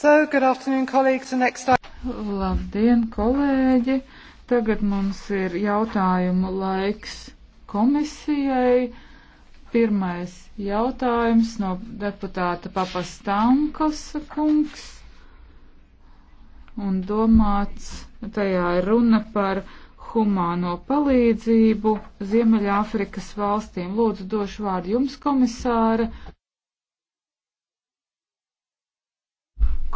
So, good afternoon, colleagues. The next... Labdien, kolēģi! Tagad mums ir jautājumu laiks komisijai. Pirmais jautājums no deputāta Papas Tankls kungs. Un domāts, tajā ir runa par humāno palīdzību Ziemeļāfrikas valstīm. Lūdzu, došu vārdu jums, komisāra.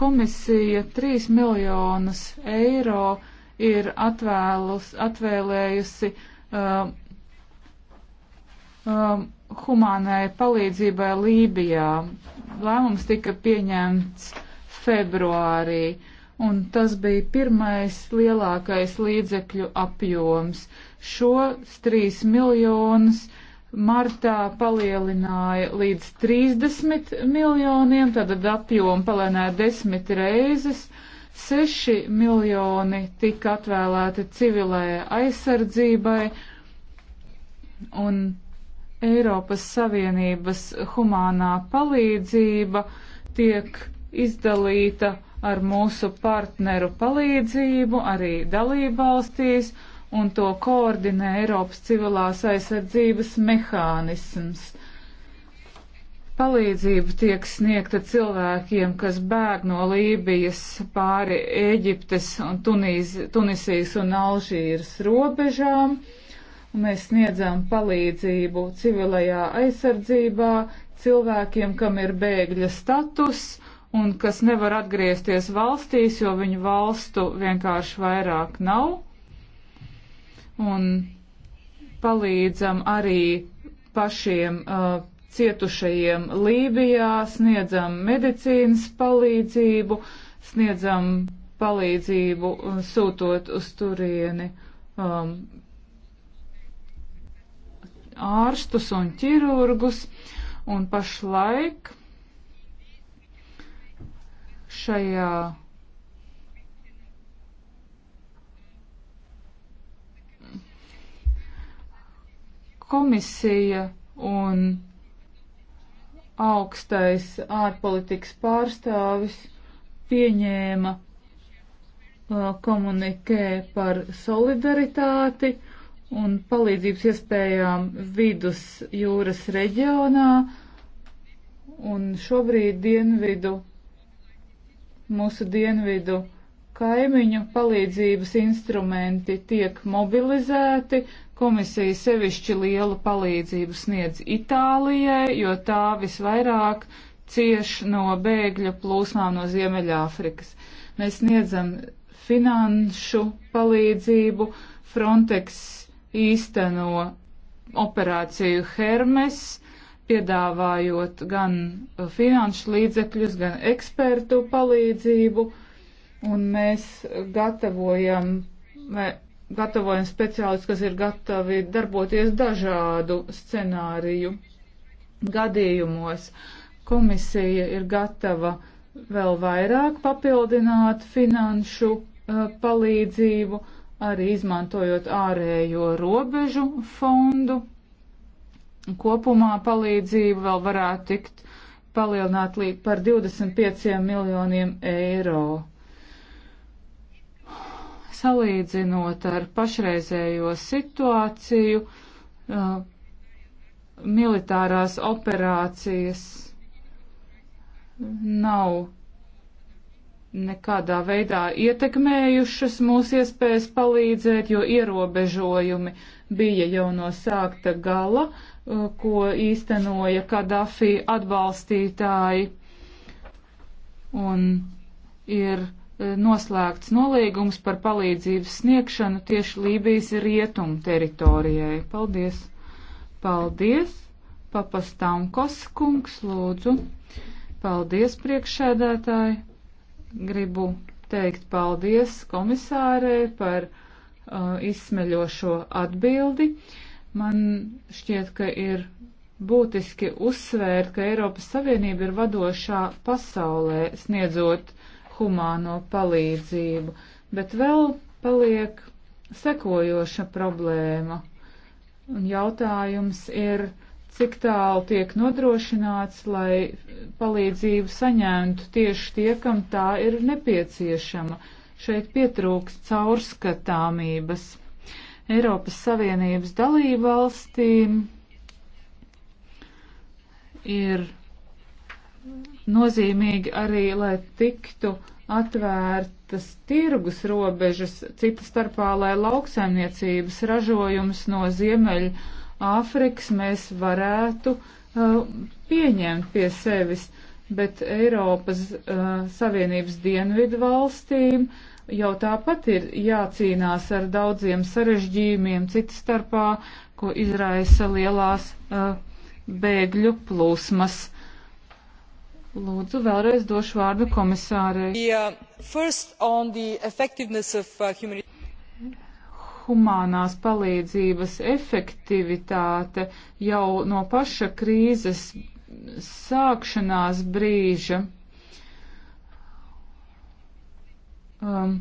Komisija 3 miljonus eiro ir atvēlus, atvēlējusi um, um, humānai palīdzībai Lībijā. Lēmums tika pieņemts februārī, un tas bija pirmais lielākais līdzekļu apjoms. Šos 3 miljonus eiro martā palielināja līdz 30 miljoniem, tātad apjomu palēnēja desmit reizes, 6 miljoni tika atvēlēti civilai aizsardzībai un Eiropas Savienības humānā palīdzība tiek izdalīta ar mūsu partneru palīdzību arī dalībvalstīs. valstīs un to koordinē Eiropas civilās aizsardzības mehānisms. Palīdzība tiek sniegta cilvēkiem, kas bēg no Lībijas pāri Ēģiptes un Tunīz, Tunisijas un Alžīras robežām. Mēs sniedzam palīdzību civilajā aizsardzībā cilvēkiem, kam ir bēgļa status un kas nevar atgriezties valstīs, jo viņu valstu vienkārši vairāk nav un palīdzam arī pašiem uh, cietušajiem Lībijā, sniedzam medicīnas palīdzību, sniedzam palīdzību uh, sūtot uz turieni um, ārstus un ķirurgus, un pašlaik šajā Komisija un augstais ārpolitikas pārstāvis pieņēma uh, komunikē par solidaritāti un palīdzības iespējām vidus jūras reģionā, un šobrīd dienvidu, mūsu dienvidu kaimiņu palīdzības instrumenti tiek mobilizēti, Komisija sevišķi lielu palīdzību sniedz Itālijai, jo tā visvairāk cieš no bēgļu plūsmām no Ziemeļāfrikas. Mēs sniedzam finanšu palīdzību, Frontex īsteno operāciju Hermes, piedāvājot gan uh, finanšu līdzekļus, gan ekspertu palīdzību, un mēs gatavojam gatavojam speciālistus, kas ir gatavi darboties dažādu scenāriju gadījumos. Komisija ir gatava vēl vairāk papildināt finanšu uh, palīdzību, arī izmantojot ārējo robežu fondu. Kopumā palīdzību vēl varētu tikt palielināt līdz par 25 miljoniem eiro salīdzinot ar pašreizējo situāciju, uh, militārās operācijas nav nekādā veidā ietekmējušas mūsu iespējas palīdzēt, jo ierobežojumi bija jau no sākta gala, uh, ko īstenoja Kadafi atbalstītāji. Un ir noslēgts nolīgums par palīdzības sniegšanu tieši Lībijas rietumu teritorijai. Paldies! Paldies! Papastāmkos kungs, lūdzu! Paldies, priekšsēdētāji! Gribu teikt paldies komisārei par uh, izsmeļošo atbildi. Man šķiet, ka ir būtiski uzsvērt, ka Eiropas Savienība ir vadošā pasaulē sniedzot humāno palīdzību, bet vēl paliek sekojoša problēma. Un jautājums ir, cik tālu tiek nodrošināts, lai palīdzību saņemtu tieši tie, kam tā ir nepieciešama. Šeit pietrūks caurskatāmības. Eiropas Savienības dalību valstīm ir nozīmīgi arī, lai tiktu atvērtas tirgus robežas, cita starpā, lai lauksaimniecības ražojums no Ziemeļa Āfrikas mēs varētu uh, pieņemt pie sevis, bet Eiropas uh, Savienības dienvidu valstīm jau tāpat ir jācīnās ar daudziem sarežģījumiem, cita starpā, ko izraisa lielās uh, bēgļu plūsmas. Uh, Lūdzu, vēlreiz došu vārdu komisārei. Uh, uh, Humānās palīdzības efektivitāte jau no paša krīzes sākšanās brīža um,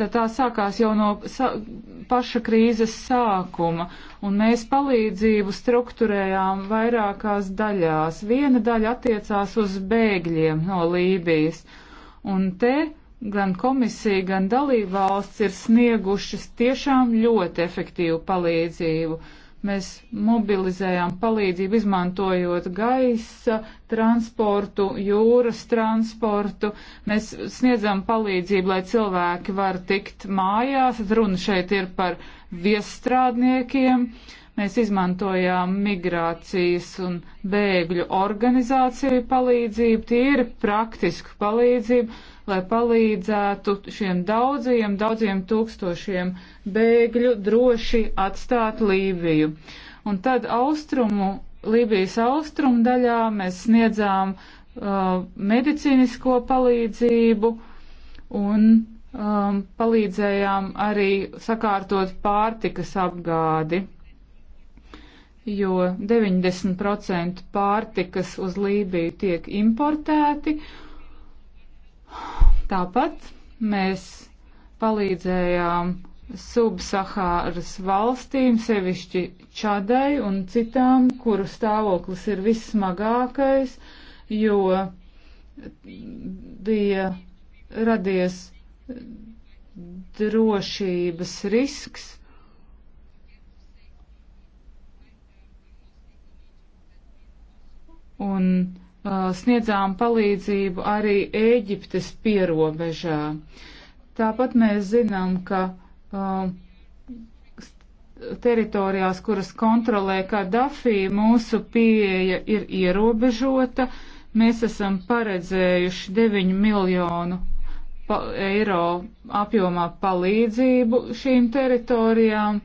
Tad tā sākās jau no sa paša krīzes sākuma, un mēs palīdzību strukturējām vairākās daļās. Viena daļa attiecās uz bēgļiem no Lībijas, un te gan komisija, gan dalībvalsts ir sniegušas tiešām ļoti efektīvu palīdzību. Mēs mobilizējām palīdzību izmantojot gaisa transportu, jūras transportu. Mēs sniedzam palīdzību, lai cilvēki var tikt mājās. Runa šeit ir par viestrādniekiem. Mēs izmantojām migrācijas un bēgļu organizāciju palīdzību. Tie ir praktisku palīdzību lai palīdzētu šiem daudziem, daudziem tūkstošiem bēgļu droši atstāt Lībiju. Un tad austrumu, Lībijas austrumu daļā mēs sniedzām uh, medicīnisko palīdzību un um, palīdzējām arī sakārtot pārtikas apgādi jo 90% pārtikas uz Lībiju tiek importēti, Tāpat mēs palīdzējām subsahāras valstīm, sevišķi Čadai un citām, kuru stāvoklis ir vissmagākais, jo bija radies drošības risks. Un Uh, sniedzām palīdzību arī Ēģiptes pierobežā. Tāpat mēs zinām, ka uh, teritorijās, kuras kontrolē Kadafī, mūsu pieeja ir ierobežota. Mēs esam paredzējuši 9 miljonu pa eiro apjomā palīdzību šīm teritorijām.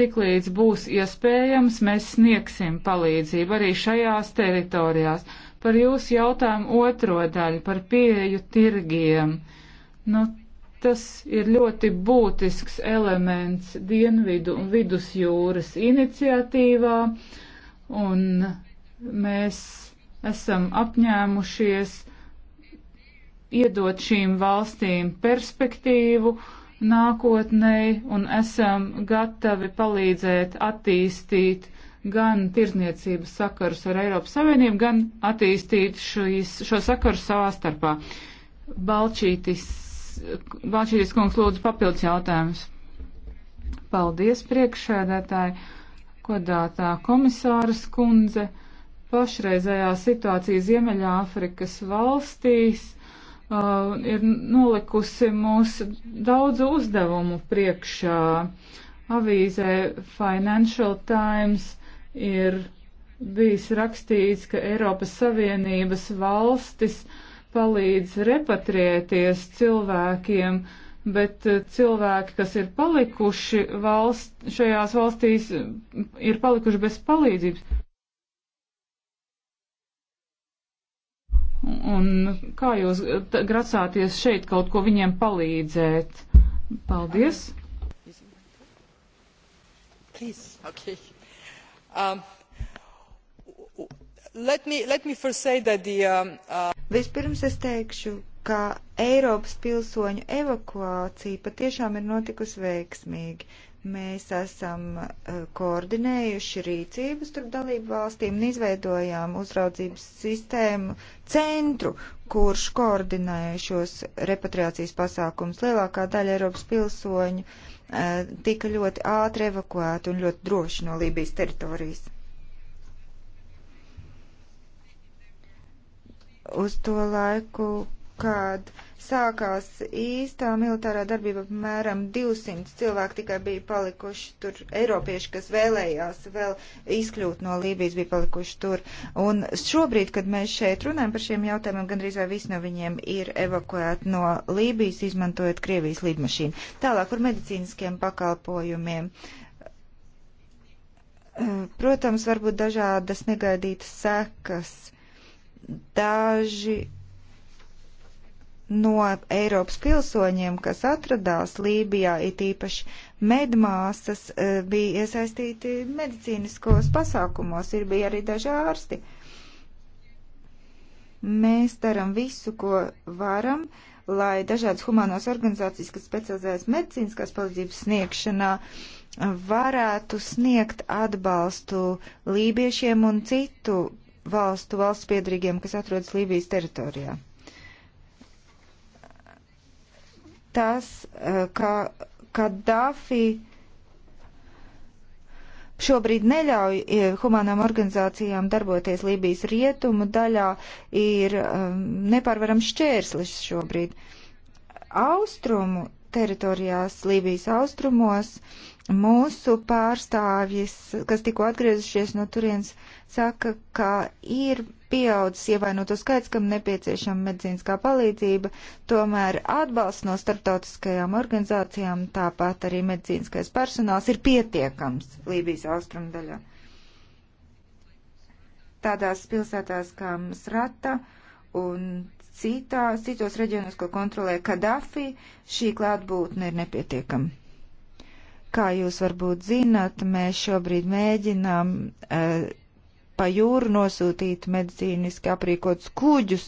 Tiklīdz būs iespējams, mēs sniegsim palīdzību arī šajās teritorijās. Par jūsu jautājumu otro daļu, par pieeju tirgiem. Nu, tas ir ļoti būtisks elements Dienvidu un Vidusjūras iniciatīvā, un mēs esam apņēmušies iedot šīm valstīm perspektīvu, uh, nākotnei un esam gatavi palīdzēt attīstīt gan tirzniecības sakarus ar Eiropas Savienību, gan attīstīt šīs, šo sakaru savā starpā. Balčītis, Balčītis kungs lūdzu papildus jautājumus. Paldies priekšēdētāji, kodātā komisāras kundze. Pašreizējā situācija Ziemeļāfrikas valstīs uh, ir nolikusi mūs daudzu uzdevumu priekšā. Avīzē Financial Times ir bijis rakstīts, ka Eiropas Savienības valstis palīdz repatrieties cilvēkiem, bet uh, cilvēki, kas ir palikuši valst, šajās valstīs, ir palikuši bez palīdzības. Un kā jūs eh, grasāties šeit kaut ko viņiem palīdzēt? Paldies! Please. Okay. Um, let me, let me first say that the, um, uh... Vispirms es teikšu, ka Eiropas pilsoņu evakuācija patiešām ir notikusi veiksmīgi. Mēs esam eh, koordinējuši rīcību starp dalību valstīm un izveidojām uzraudzības sistēmu centru, kurš koordinē šos repatriācijas pasākums. Lielākā daļa Eiropas pilsoņu eh, tika ļoti ātri evakuēti un ļoti droši no Lībijas teritorijas. Uz to laiku kad sākās īstā militārā darbība, apmēram 200 cilvēki tikai bija palikuši tur, eiropieši, kas vēlējās vēl izkļūt no Lībijas, bija palikuši tur. Un šobrīd, kad mēs šeit runājam par šiem jautājumiem, gandrīz vai visi no viņiem ir evakuēti no Lībijas, izmantojot Krievijas lidmašīnu. Tālāk par medicīniskiem pakalpojumiem. Protams, varbūt dažādas negaidītas sekas. Daži no Eiropas pilsoņiem, kas atradās Lībijā, it īpaši medmāsas, e, bija iesaistīti medicīniskos pasākumos, ir bija arī daži ārsti. Mēs darām visu, ko varam, lai dažādas humanās organizācijas, kas specializējas medicīniskās palīdzības sniegšanā, varētu sniegt atbalstu lībiešiem un citu valstu valsts piedrīgiem, kas atrodas Lībijas teritorijā. tas, eh, ka Kadāfi šobrīd neļauj eh, humanām organizācijām darboties Lībijas rietumu daļā, ir um, ehm, nepārvarams šķērslis šobrīd. Austrumu teritorijās, Lībijas austrumos, mūsu pārstāvjis, kas tikko atgriezušies no turienes, saka, ka ir pieaudzis ievainoto skaits, kam nepieciešama medicīniskā palīdzība, tomēr atbalsts no starptautiskajām organizācijām, tāpat arī medicīniskais personāls ir pietiekams Lībijas austrumdaļā. Tādās pilsētās kā Srata un citās, citos reģionos, ko kontrolē Kadafi, šī klātbūtne ir nepietiekama. Kā jūs varbūt zināt, mēs šobrīd mēģinām uh, pa jūru nosūtīt medicīniski aprīkots kuģus,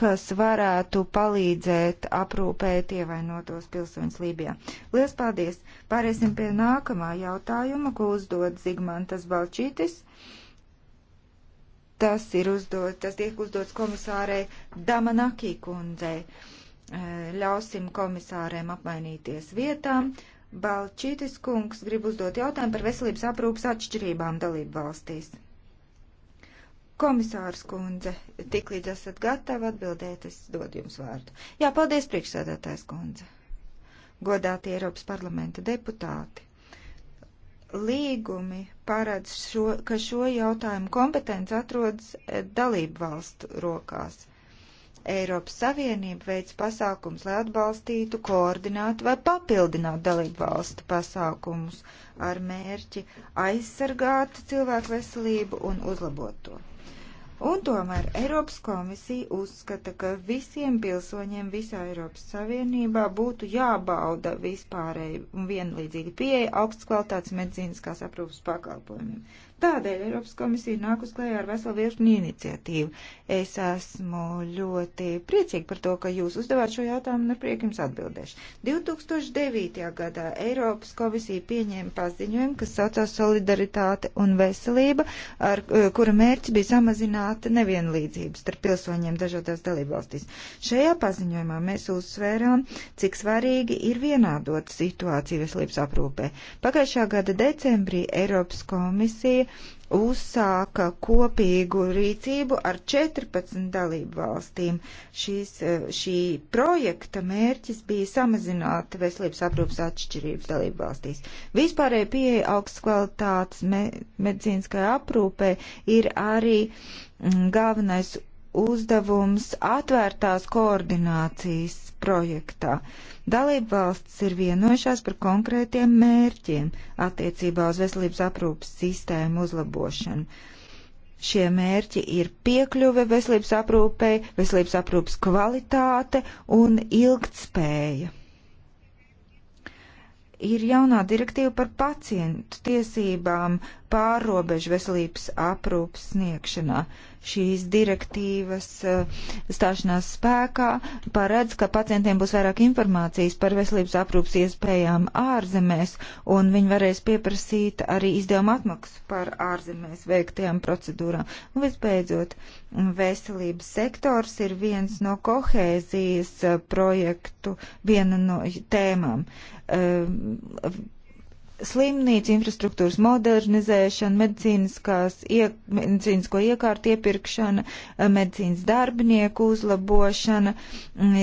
kas varētu palīdzēt aprūpēt ievainotos pilsoņus Lībijā. Lielas paldies! Pāriesim pie nākamā jautājuma, ko uzdod Zigmantas Balčītis. Tas ir uzdod, tas tiek uzdots komisārei Damanakī kundzei. E, ļausim komisārēm apmainīties vietām. Balčītis kungs grib uzdot jautājumu par veselības aprūpas atšķirībām dalību valstīs. Komisārs kundze, tiklīdz esat gatavi atbildēt, es dodu jums vārdu. Jā, paldies, priekšsēdētājs kundze. Godātie Eiropas parlamenta deputāti. Līgumi paredz, šo, ka šo jautājumu kompetence atrodas eh, dalību valstu rokās. Eiropas Savienība veids pasākums, lai atbalstītu, koordinātu vai papildinātu dalību valstu pasākumus ar mērķi aizsargāt cilvēku veselību un uzlabot to. Un tomēr Eiropas komisija uzskata, ka visiem pilsoņiem visā Eiropas Savienībā būtu jābauda vispārēji un vienlīdzīgi pieeja augstas kvalitātes medicīniskās aprūpas pakalpojumiem. Tādēļ Eiropas komisija nāk uz klējā ar veselu virkni iniciatīvu. Es esmu ļoti priecīgi par to, ka jūs uzdevāt šo jautājumu un ar prieku jums atbildēšu. 2009. gadā Eiropas komisija pieņēma paziņojumu, kas saucās Solidaritāte un veselība, ar eh, kura mērķis bija samazināt nevienlīdzības starp pilsoņiem dažādās dalībvalstīs. Šajā paziņojumā mēs uzsvērām, cik svarīgi ir vienādot situāciju veselības aprūpē. Pagājušā gada decembrī Eiropas komisija uzsāka kopīgu rīcību ar 14 dalību valstīm. Šīs, e, šī projekta mērķis bija samazināt veselības aprūpas atšķirības dalību valstīs. Vispārēja pieeja augstas kvalitātes me medicīniskai aprūpē ir arī galvenais uzdevums atvērtās koordinācijas projektā. Dalība valsts ir vienojušās par konkrētiem mērķiem attiecībā uz veselības aprūpas sistēmu uzlabošanu. Šie mērķi ir piekļuve veselības aprūpei, veselības aprūpas kvalitāte un ilgtspēja. Ir jaunā direktīva par pacientu tiesībām pārrobežu veselības aprūpas sniegšanā. Uh, šīs direktīvas eh, stāšanās spēkā paredz, ka pacientiem būs vairāk informācijas par veselības aprūpas iespējām ārzemēs, un viņi varēs pieprasīt arī izdevuma atmaksu par ārzemēs veiktajām procedūrām. Un visbeidzot, veselības sektors ir viens no kohēzijas eh, projektu, viena no tēmām. Eh, slimnīcu infrastruktūras modernizēšana, medicīniskās, ie, medicīnisko iekārtu iepirkšana, eh, medicīnas darbinieku uzlabošana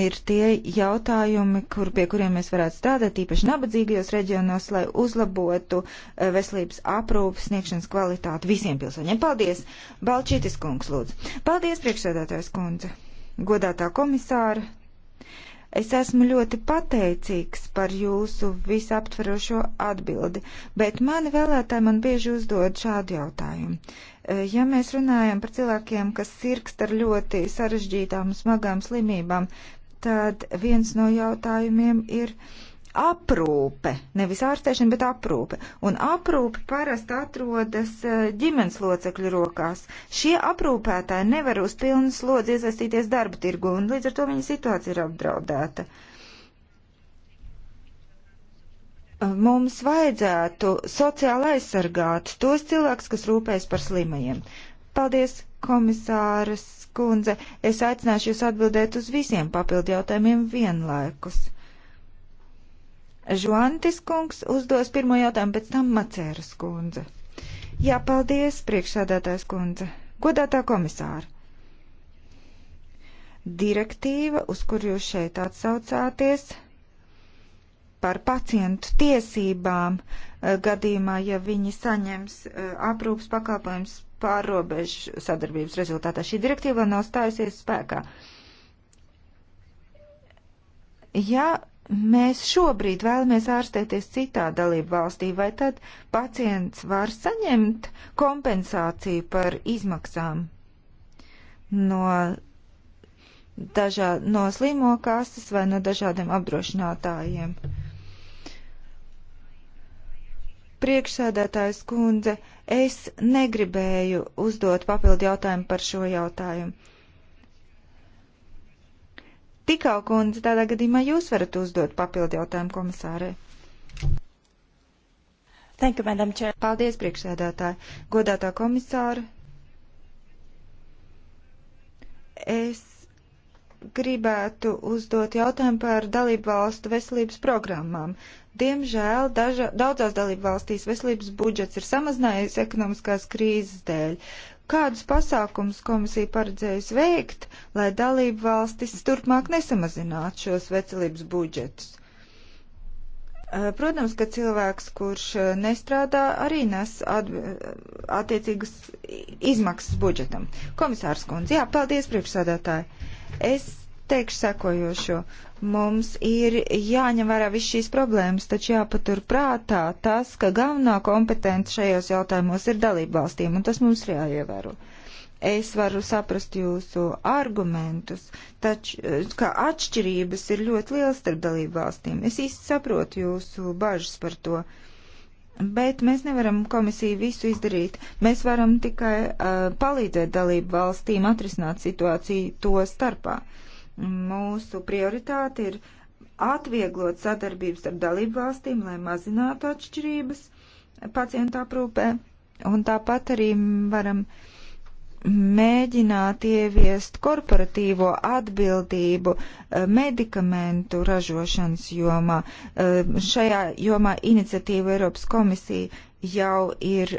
ir tie jautājumi, kur, pie kuriem mēs varētu strādāt, īpaši nabadzīgajos reģionos, lai uzlabotu eh, veselības aprūpas sniegšanas kvalitāti visiem pilsoņiem. Paldies! Balčītis kungs, lūdzu! Paldies, priekšsēdētājs kundze! Godātā komisāra! Es esmu ļoti pateicīgs par jūsu visaptverošo atbildi, bet mani vēlētāji man bieži uzdod šādu jautājumu. E, ja mēs runājam par cilvēkiem, kas sirkst ar ļoti sarežģītām un smagām slimībām, tad viens no jautājumiem ir, uh, aprūpe, nevis ārstēšana, bet aprūpe. Un aprūpe parasti atrodas eh, ģimenes locekļu rokās. Šie aprūpētāji nevar uz pilnu slodzi iesaistīties darba tirgu, un līdz ar to viņa situācija ir apdraudēta. Eh, mums vajadzētu sociāli aizsargāt tos cilvēkus, kas rūpējas par slimajiem. Paldies, komisāras kundze. Es aicināšu jūs atbildēt uz visiem papildu jautājumiem vienlaikus. Žuantis kungs uzdos pirmo jautājumu, pēc tam Macēras kundze. Jā, paldies, priekšsādātājs kundze. Godātā komisāra. Direktīva, uz kur jūs šeit atsaucāties, par pacientu tiesībām eh, gadījumā, ja viņi saņems eh, aprūpas pakalpojums pārrobežu sadarbības rezultātā. Šī direktīva nav stājusies spēkā. Ja mēs šobrīd vēlamies ārstēties citā dalību valstī, vai tad pacients var saņemt kompensāciju par izmaksām no, dažā, no slimo kastes vai no dažādiem apdrošinātājiem? Priekšsēdētājs kundze, es negribēju uzdot papildu jautājumu par šo jautājumu Tikau kundze, tādā gadījumā jūs varat uzdot papildu jautājumu komisārai. Thank you, Madam Chair. Paldies, priekšsēdētāji. Godātā komisāra. Es gribētu uzdot jautājumu par dalību valstu veselības programmām. Diemžēl daža, daudzās dalību valstīs veselības budžets ir samazinājies ekonomiskās krīzes dēļ. Kādus pasākums komisija paredzējusi veikt, lai dalību valstis turpmāk nesamazinātu šos veselības budžetus? Eh, protams, ka cilvēks, kurš eh, nestrādā, arī nes eh, attiecīgas izmaksas budžetam. Komisārs kundze, jā, paldies priekšsādātāji. Es Teikšu sekojošo. Mums ir jāņem vērā viss šīs problēmas, taču jāpatur prātā tas, ka galvenā kompetence šajos jautājumos ir dalību valstīm, un tas mums ir jāievēro. Es varu saprast jūsu argumentus, taču, ka atšķirības ir ļoti liels starp dalību valstīm. Es īsti saprotu jūsu bažas par to. Bet mēs nevaram komisiju visu izdarīt. Mēs varam tikai uh, palīdzēt dalību valstīm atrisināt situāciju to starpā. Uh, Mūsu prioritāte ir atvieglot sadarbības ar dalību valstīm, lai mazinātu atšķirības pacientu aprūpē. Un tāpat arī varam mēģināt ieviest korporatīvo atbildību eh, medikamentu ražošanas jomā. Eh, šajā jomā iniciatīva Eiropas komisija jau ir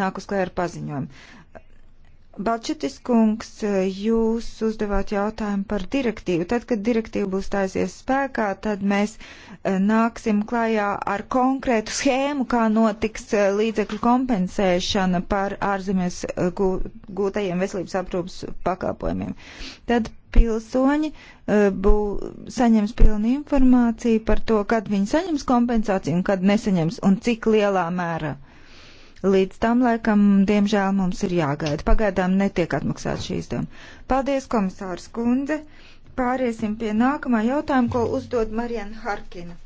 nākus klāja ar paziņojumu. Balčetis kungs, jūs uzdevāt jautājumu par direktīvu. Tad, kad direktīva būs stājusies spēkā, tad mēs eh, nāksim klajā ar konkrētu schēmu, kā notiks eh, līdzekļu kompensēšana par ārzemēs eh, gūtajiem veselības aprūpas pakalpojumiem. Tad pilsoņi bū, saņems pilnu informāciju par to, kad viņi saņems kompensāciju un kad nesaņems un cik lielā mērā. Uh, Līdz tam laikam, diemžēl, mums ir jāgaida. Pagaidām netiek atmaksāta šī izdevuma. Paldies, komisārs Kundze. Pāriesim pie nākamā jautājuma, ko uzdod Marijana Harkina.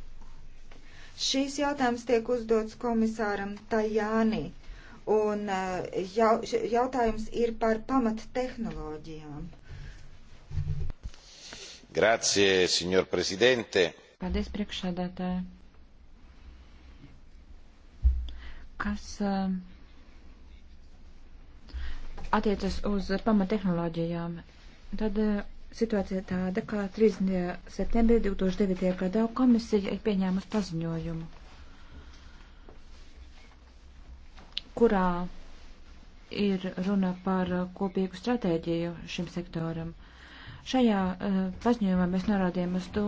Šīs jautājums tiek uzdots komisāram Tajānī, un eh, jau, jautājums ir par pamat tehnoloģijām. Grazie, signor Presidente. Paldies, priekšsēdētāji. kas eh, attiecas uz pamattehnoloģijām, tad eh, situācija tāda, ka 30. septembrī 2009. gadā komisija ir pieņēmusi paziņojumu, kurā ir runa par kopīgu stratēģiju šim sektoram. Šajā uh, paziņojumā mēs norādījām uz to,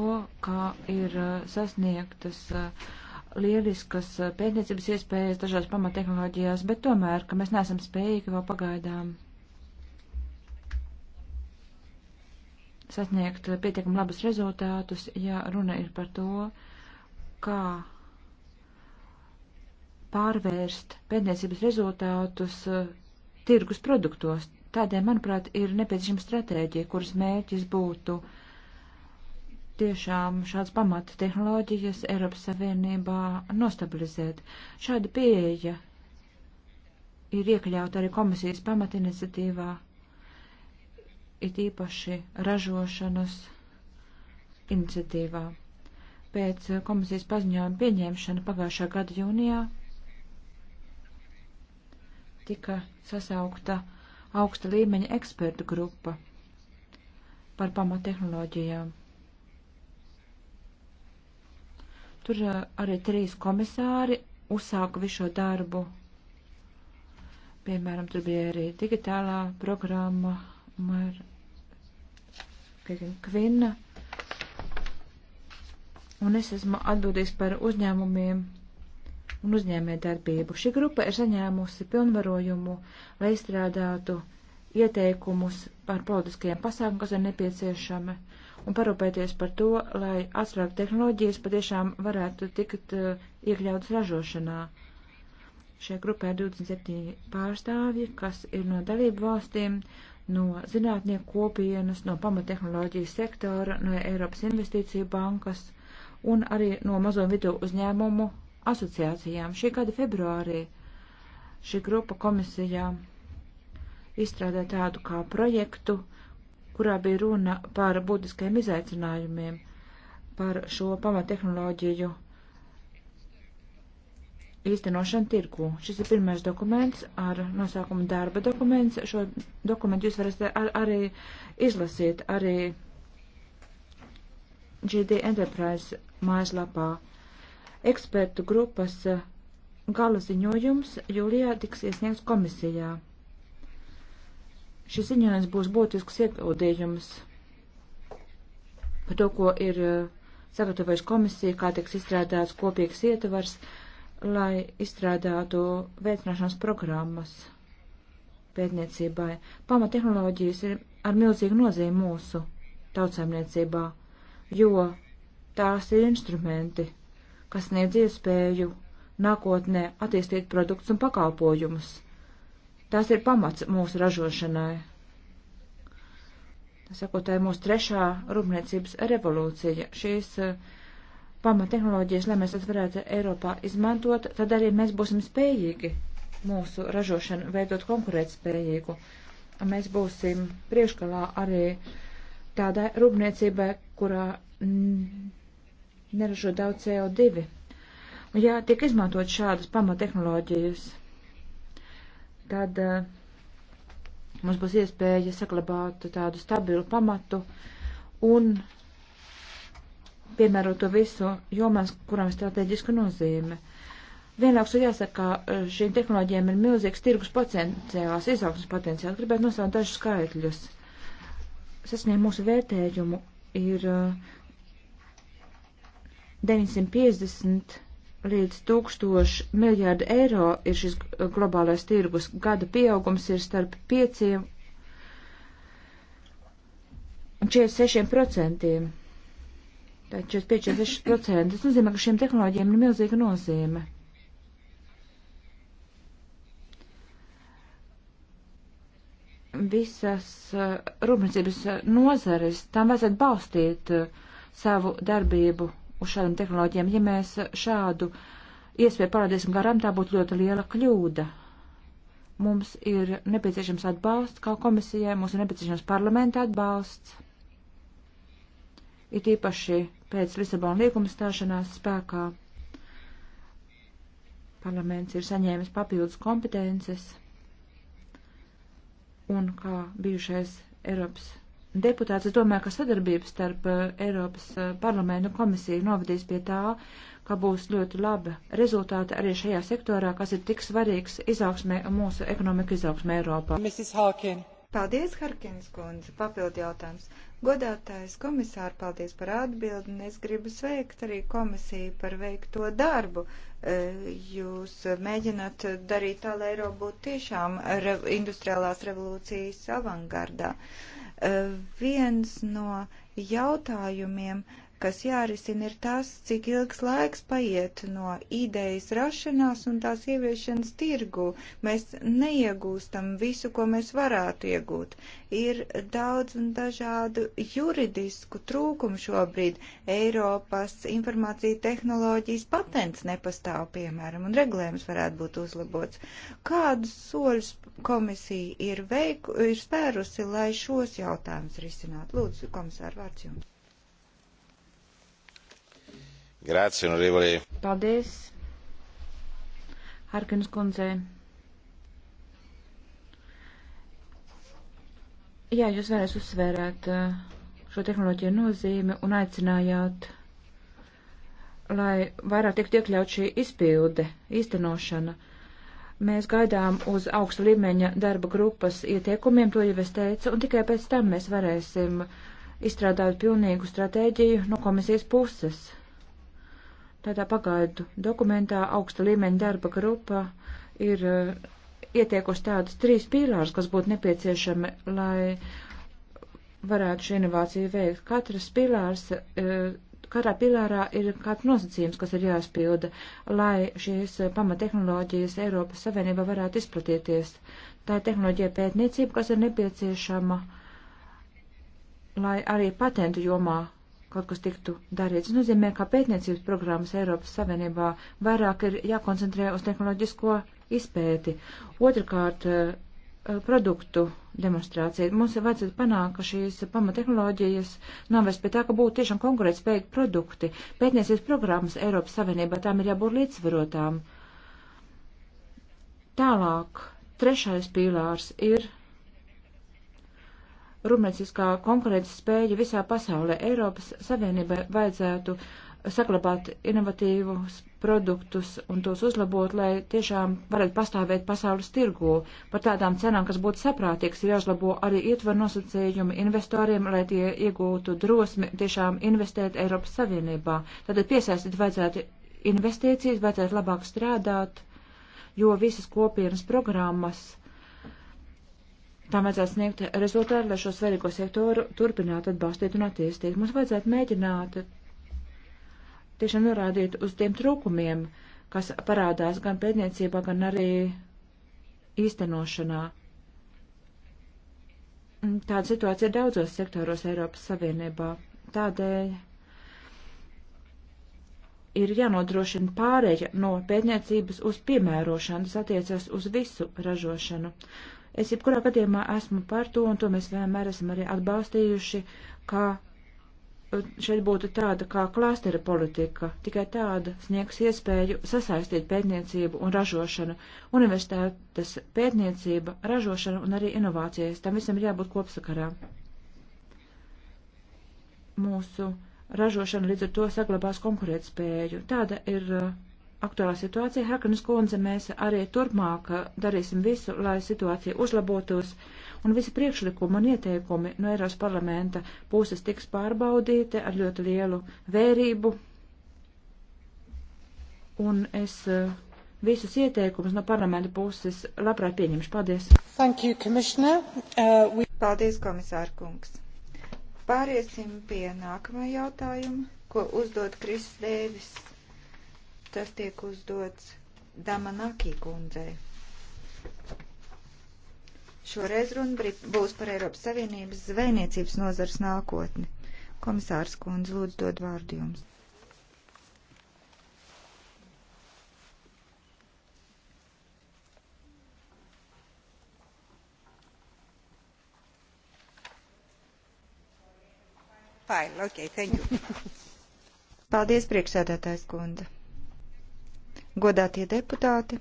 kā ir uh, sasniegtas uh, lieliskas eh, pētniecības iespējas dažās pamattehnoloģijās, bet tomēr, ka mēs neesam spējīgi vēl pagaidām sasniegt pietiekami labus rezultātus, ja runa ir par to, kā pārvērst pētniecības rezultātus eh, tirgus produktos. Tādēļ, manuprāt, ir nepieciešama stratēģija, kuras mērķis būtu uh, tiešām šāds pamata tehnoloģijas Eiropas Savienībā nostabilizēt. Šāda pieeja ir iekļauta arī komisijas pamatiniciatīvā, it īpaši ražošanas iniciatīvā. Pēc komisijas paziņojuma pieņemšana pagājušā gada jūnijā tika sasaukta augsta līmeņa ekspertu grupa par pamattehnoloģijām. Tur eh, arī trīs komisāri uzsāka visu šo darbu. Piemēram, tur bija arī digitālā programma ar Kvinna. Un es esmu atbildīgs par uzņēmumiem un uzņēmē darbību. Šī grupa ir saņēmusi pilnvarojumu, lai izstrādātu ieteikumus par politiskajiem pasākumiem, kas ir nepieciešami. Uh, un parūpēties par to, lai atslēgu tehnoloģijas patiešām varētu tikt uh, iekļautas ražošanā. Šajā grupā ir 27 pārstāvji, kas ir no dalību valstīm, no zinātnieku kopienas, no pamatehnoloģijas sektora, no Eiropas investīciju bankas un arī no mazo vidu uzņēmumu asociācijām. Šī gada februārī šī grupa komisijā izstrādāja tādu kā projektu uh, kurā bija runa par būtiskajiem izaicinājumiem, par šo pamattehnoloģiju īstenošanu tirgu. Šis ir pirmais dokuments ar nosaukumu darba dokuments. Šo dokumentu jūs varat ar, arī izlasīt arī GD Enterprise mājaslapā. Ekspertu grupas gala ziņojums jūlijā tiks iesniegts komisijā. Šis ziņojums būs būtisks ieguldījums par to, ko ir uh, sagatavojusi komisija, kā tiks izstrādāts kopīgs ietvars, lai izstrādātu veicināšanas programmas pētniecībai. Pamatehnoloģijas ir ar milzīgu nozīmi mūsu tautsēmniecībā, jo tās ir instrumenti, kas sniedz iespēju nākotnē attīstīt produktus un pakalpojumus Tās ir pamats mūsu ražošanai. Tas, sakot, tā ir mūsu trešā rūpniecības revolūcija. Šīs eh, pamattehnoloģijas, lai mēs tās varētu Eiropā izmantot, tad arī mēs būsim spējīgi mūsu ražošanu veidot konkurētspējīgu. Mēs būsim priekškalā arī tādai rūpniecībai, kurā neražo daudz CO2. Un, ja tiek izmantot šādas pamatehnoloģijas, tad uh, mums būs iespēja saglabāt tādu stabilu pamatu un piemērot to visu jomās, kurām ir strateģiska nozīme. Vienlaikus ir jāsaka, ka eh, šīm tehnoloģijām ir milzīgs tirgus potenciāls, izaugsmas potenciāls. Gribētu nosaukt dažus skaitļus. Sasniegt mūsu vērtējumu ir uh, eh, 950 līdz tūkstoši miljārdu eiro ir šis globālais tirgus. Gada pieaugums ir starp 5 un 46 procentiem. Tātad 45-46 procenti. Tas nozīmē, ka šiem tehnoloģiem ir milzīga nozīme. Visas uh, rūpniecības uh, nozares, tām vajadzētu balstīt uh, savu darbību uz šādām tehnoloģijām. Ja mēs šādu iespēju parādīsim garām, tā būtu ļoti liela kļūda. Mums ir nepieciešams atbalsts kā komisijai, mums ir nepieciešams parlamenta atbalsts. It īpaši pēc Lisabona līguma stāšanās spēkā parlaments ir saņēmis papildus kompetences un kā bijušais Eiropas deputāts, es domāju, ka sadarbība starp eh, Eiropas eh, parlamentu komisiju novadīs pie tā, ka būs ļoti laba rezultāta arī šajā sektorā, kas ir tik svarīgs izaugsmē un mūsu ekonomika izaugsmē Eiropā. Harkin. Paldies, Harkins kundze, papildu jautājums. Godātājs komisāri, paldies par atbildi, un es gribu sveikt arī komisiju par veikto darbu. Eh, jūs mēģināt darīt tā, lai Eiropa būtu tiešām industriālās revolūcijas avangardā. Uh, Eh, viens no jautājumiem, kas jārisina, ir tas, cik ilgs laiks paiet no idejas rašanās un tās ieviešanas tirgu. Mēs neiegūstam visu, ko mēs varētu iegūt. Ir daudz un dažādu juridisku trūkumu šobrīd. Eiropas informācija tehnoloģijas patents nepastāv, piemēram, un regulējums varētu būt uzlabots. Kādus soļus komisija ir, veiku, ir spērusi, lai šos jautājumus risinātu? Lūdzu, komisār, vārds jums. Grāci, honorevole. Paldies. Harkins kundzei. Jā, jūs vēlreiz uzsvērāt eh, šo tehnoloģiju nozīmi un aicinājāt, lai vairāk tiktu iekļaut šī izpilde, īstenošana. Mēs gaidām uz augstu līmeņa darba grupas ieteikumiem, to jau es teicu, un tikai pēc tam mēs varēsim izstrādāt pilnīgu stratēģiju no komisijas puses. Tādā pagaidu dokumentā augsta līmeņa darba grupa ir eh, ietiekuši tādus trīs pīlārus, kas būtu nepieciešami, lai varētu šo inovāciju veikt. Katras pīlārs, eh, katrā pīlārā ir kāds nosacījums, kas ir jāspilda, lai šīs eh, pamatehnoloģijas Eiropas Savienībā varētu izplatīties. Tā ir tehnoloģija pētniecība, kas ir nepieciešama, lai arī patentu jomā kaut kas tiktu darīts. Tas nozīmē, ka pētniecības programmas Eiropas Savienībā vairāk ir jākoncentrē uz tehnoloģisko izpēti. Otrakārt, eh, produktu demonstrācija. Mums ir vajadzētu panākt, ka šīs pamatehnoloģijas novest pie tā, ka būtu tiešām konkurētspējīgi produkti. Pētniecības programmas Eiropas Savienībā tām ir jābūt līdzsvarotām. Tālāk, trešais pīlārs ir rūpnieciskā konkurences spēja visā pasaulē. Eiropas Savienībai vajadzētu saglabāt inovatīvus produktus un tos uzlabot, lai tiešām varētu pastāvēt pasaules tirgu par tādām cenām, kas būtu saprātīgas, ir jāuzlabo arī ietver nosacījumi investoriem, lai tie iegūtu drosmi tiešām investēt Eiropas Savienībā. Tātad piesaistīt vajadzētu investīcijas, vajadzētu labāk strādāt, jo visas kopienas programmas Tām vajadzētu sniegt rezultātu, lai šo svarīgo sektoru turpinātu atbalstīt un attīstīt. Mums vajadzētu mēģināt tiešām norādīt uz tiem trūkumiem, kas parādās gan pētniecībā, gan arī īstenošanā. Tāda situācija ir daudzos sektoros Eiropas Savienībā. Tādēļ ir jānodrošina pāreja no pētniecības uz piemērošanu, tas attiecas uz visu ražošanu. Es jebkurā gadījumā esmu par to, un to mēs vienmēr esam arī atbalstījuši, ka uh, šeit būtu tāda kā klāstera politika, tikai tāda sniegs iespēju sasaistīt pētniecību un ražošanu, universitātes pētniecība, ražošana un arī inovācijas. Tam visam ir jābūt kopsakarā. Mūsu ražošana līdz ar to saglabās konkurētspēju. Tāda ir uh, aktuālā situācija. Harkanas kundze, mēs arī turpmāk darīsim visu, lai situācija uzlabotos, un visi priekšlikumi un ieteikumi no Eiropas parlamenta puses tiks pārbaudīti ar ļoti lielu vērību. Un es eh, visus ieteikumus no parlamenta puses labprāt pieņemšu. Paldies! Thank you, Commissioner. Uh, we... Paldies, komisārkungs! Pāriesim pie nākamā jautājuma, ko uzdod Kris Dēvis. Tas tiek uzdots Damanaki kundzei. Šoreiz runa būs par Eiropas Savienības zvejniecības nozars nākotni. Komisārs kundze, lūdzu, dod vārdu jums. Paldies, priekšsēdētājs kundze godātie deputāti.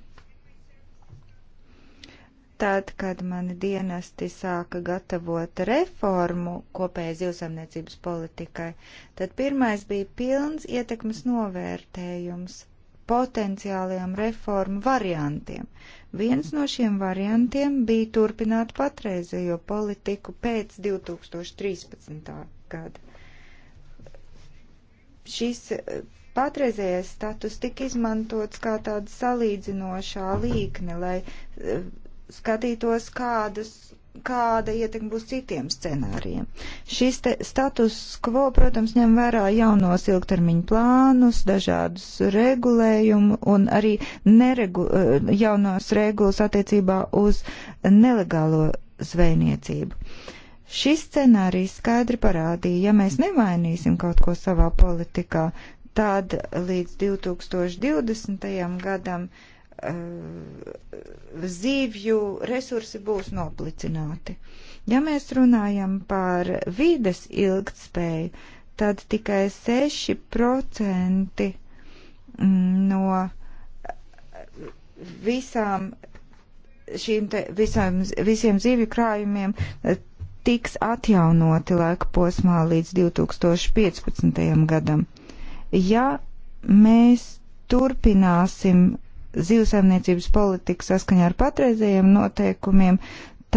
Tad, kad mani dienesti sāka gatavot reformu kopējai zivsaimniecības politikai, tad pirmais bija pilns ietekmes novērtējums potenciālajiem reformu variantiem. Viens no šiem variantiem bija turpināt patreizējo politiku pēc 2013. gada. Šis Patreizējais status tika izmantots kā tāda salīdzinošā līkne, lai e, skatītos, kādas, kāda ietekme būs citiem scenārijiem. Šis status quo, protams, ņem vērā jaunos ilgtermiņu plānus, dažādus regulējumu un arī neregu, e, jaunos regulas attiecībā uz nelegālo zvejniecību. Uh, Šis scenārijs skaidri parādīja, ja mēs nemainīsim kaut ko savā politikā, tad līdz 2020. gadam eh, zivju resursi būs noplicināti. Ja mēs runājam par vides ilgtspēju, tad tikai 6% mm, no eh, visām šīm te, visām, visiem zivju krājumiem eh, tiks atjaunoti laika posmā līdz 2015. gadam. Ja mēs turpināsim zivsaimniecības politiku saskaņā ar patreizējiem noteikumiem,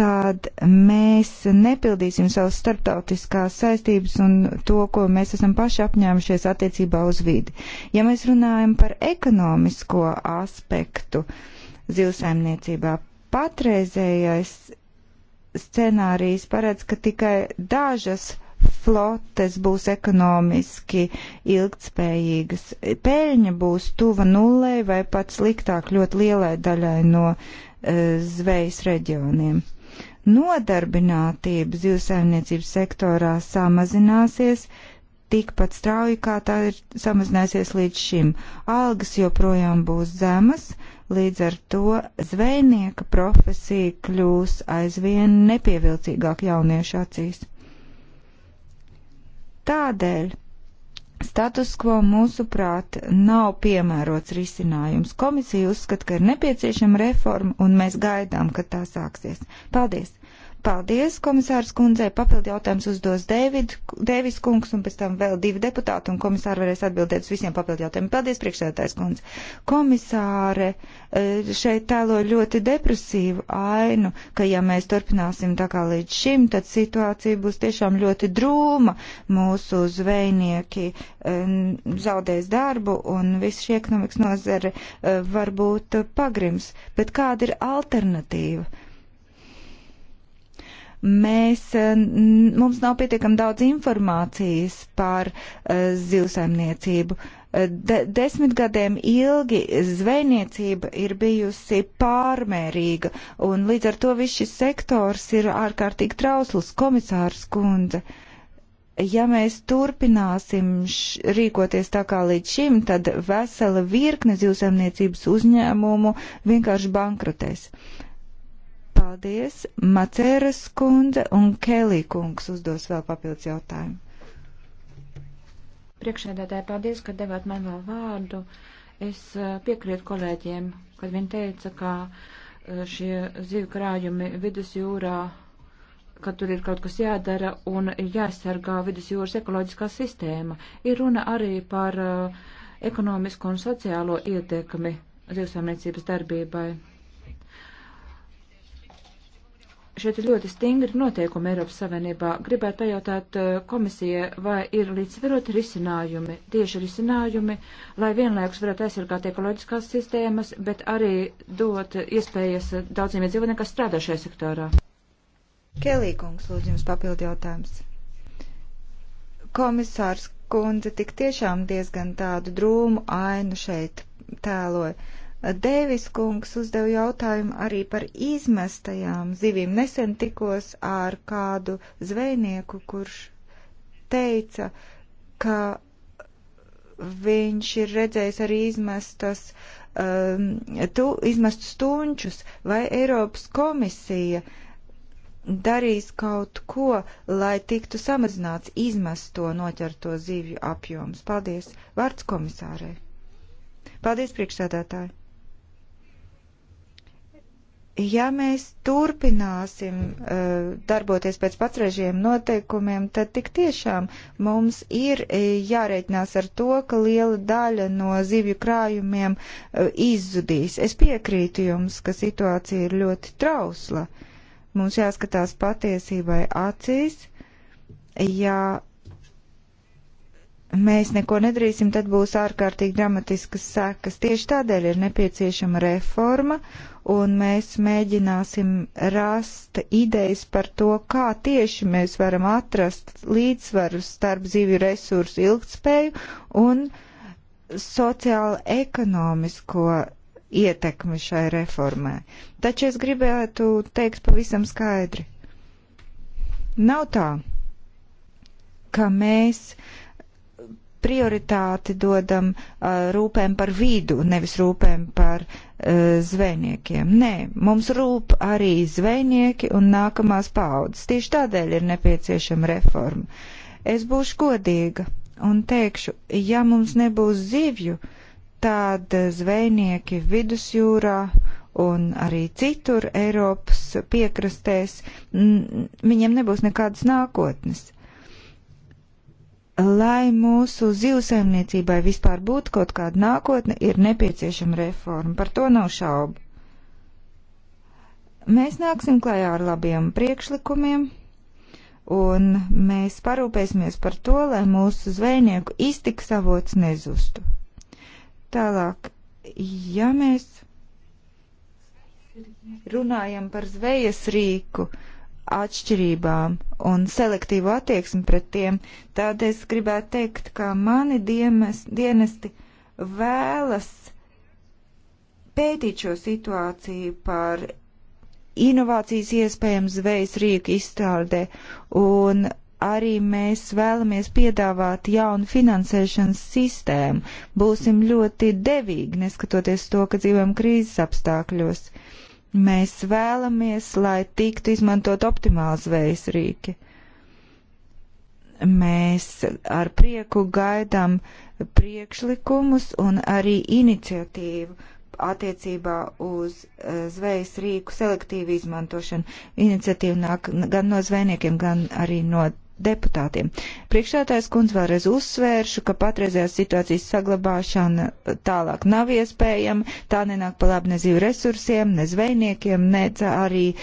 tad mēs nepildīsim savas starptautiskās saistības un to, ko mēs esam paši apņēmušies attiecībā uz vidi. Ja mēs runājam par ekonomisko aspektu zivsaimniecībā, patreizējais scenārijs paredz, ka tikai dažas flotes būs ekonomiski ilgtspējīgas. Pēļņa būs tuva nulē vai pat sliktāk ļoti lielai daļai no uh, zvejas reģioniem. Nodarbinātība zivsaimniecības sektorā samazināsies tikpat strauji, kā tā ir samazinājusies līdz šim. Algas joprojām būs zemas, līdz ar to zvejnieka profesija kļūs aizvien nepievilcīgāk jauniešu acīs. Tādēļ status quo mūsuprāt nav piemērots risinājums. Komisija uzskata, ka ir nepieciešama reforma un mēs gaidām, kad tā sāksies. Paldies! Paldies, komisārs kundzei. Papildi jautājums uzdos Dēvid, Dēvis kungs, un pēc tam vēl divi deputāti, un komisāri varēs atbildēt uz visiem papildi jautājumiem. Paldies, priekšsēdētājs kundze. Komisāre eh, šeit tēlo ļoti depresīvu ainu, ka ja mēs turpināsim tā kā līdz šim, tad situācija būs tiešām ļoti drūma. Mūsu zvejnieki eh, zaudēs darbu, un viss šī ekonomikas nozare eh, varbūt pagrims. Bet kāda ir alternatīva? Mēs, eh, mums nav pietiekam daudz informācijas par uh, zivsaimniecību. Eh, de, desmit gadiem ilgi zvejniecība ir bijusi pārmērīga, un līdz ar to viss šis sektors ir ārkārtīgi trausls, komisārs kundze. Ja mēs turpināsim š, rīkoties tā kā līdz šim, tad vesela virkne zivsaimniecības uzņēmumu vienkārši bankrotēs. Uh, Paldies. Macēras kundze un Kelī kungs uzdos vēl papildus jautājumu. Priekšēdētāji, paldies, ka devāt man vēl vārdu. Es eh, piekrītu kolēģiem, kad viņi teica, ka eh, šie zivju krājumi vidusjūrā, ka tur ir kaut kas jādara un jāsargā vidusjūras ekoloģiskā sistēma. Ir runa arī par eh, ekonomisko un sociālo ietekmi zivsaimniecības darbībai Šeit ir ļoti stingri noteikumi Eiropas Savienībā. Gribētu pajautāt eh, komisijai, vai ir līdzsveroti risinājumi, tieši risinājumi, lai vienlaikus varētu aizsargāt ekoloģiskās sistēmas, bet arī dot iespējas daudziem iedzīvotājiem, kas strādā šajā sektorā. Kelī kungs, lūdzu, jums papildu jautājums. Komisārs kundze tik tiešām diezgan tādu drūmu ainu šeit tēloja Dēvis kungs uzdeva jautājumu arī par izmestajām zivīm. Nesen tikos ar kādu zvejnieku, kurš teica, ka viņš ir redzējis arī izmestas, um, tu, izmestus tunčus vai Eiropas komisija darīs kaut ko, lai tiktu samazināts izmesto noķerto zivju apjoms. Paldies! Vārds komisārai! Paldies, priekšsēdētāji! Ja mēs turpināsim uh, darboties pēc patreizējiem noteikumiem, tad tik tiešām mums ir uh, eh, jārēķinās ar to, ka liela daļa no zivju krājumiem uh, izzudīs. Es piekrītu jums, ka situācija ir ļoti trausla. Mums jāskatās patiesībai acīs, ja mēs neko nedarīsim, tad būs ārkārtīgi dramatiskas sekas. Tieši tādēļ ir nepieciešama reforma, un mēs mēģināsim rast idejas par to, kā tieši mēs varam atrast līdzsvaru starp zīvju resursu ilgtspēju un sociāli-ekonomisko ietekmi šai reformai. Taču es gribētu teikt pavisam skaidri. Nav tā, ka mēs uh, prioritāti dodam rūpēm par vidu, nevis rūpēm par zvejniekiem. Nē, mums rūp arī zvejnieki un nākamās paaudzes. Tieši tādēļ ir nepieciešama reforma. Es būšu godīga un teikšu, ja mums nebūs zivju, tad zvejnieki vidusjūrā un arī citur Eiropas piekrastēs, viņiem nebūs nekādas nākotnes lai mūsu zivsaimniecībai vispār būtu kaut kāda nākotne, ir nepieciešama reforma. Par to nav šaubu. Mēs nāksim klajā ar labiem priekšlikumiem, un mēs parūpēsimies par to, lai mūsu zvejnieku iztiks avots nezustu. Tālāk, ja mēs runājam par zvejas rīku, uh, atšķirībām un selektīvu attieksmi pret tiem, tad es gribētu teikt, ka mani diemes, dienesti vēlas pētīt šo situāciju par inovācijas iespējām zvejas rīku izstrādē un arī mēs vēlamies piedāvāt jaunu finansēšanas sistēmu. Būsim ļoti devīgi, neskatoties to, ka dzīvojam krīzes apstākļos. Mēs vēlamies, lai tiktu izmantot optimāli zvejas rīki. Mēs ar prieku gaidām priekšlikumus un arī iniciatīvu attiecībā uz eh, zvejas rīku selektīvu izmantošanu. Iniciatīva nāk gan no zvejniekiem, gan arī no deputātiem. Priekšsētājs kundz vēlreiz uzsvēršu, ka patreizējās situācijas saglabāšana tālāk nav iespējama, tā nenāk pa labi ne zīvu resursiem, ne zvejniekiem, ne arī uh,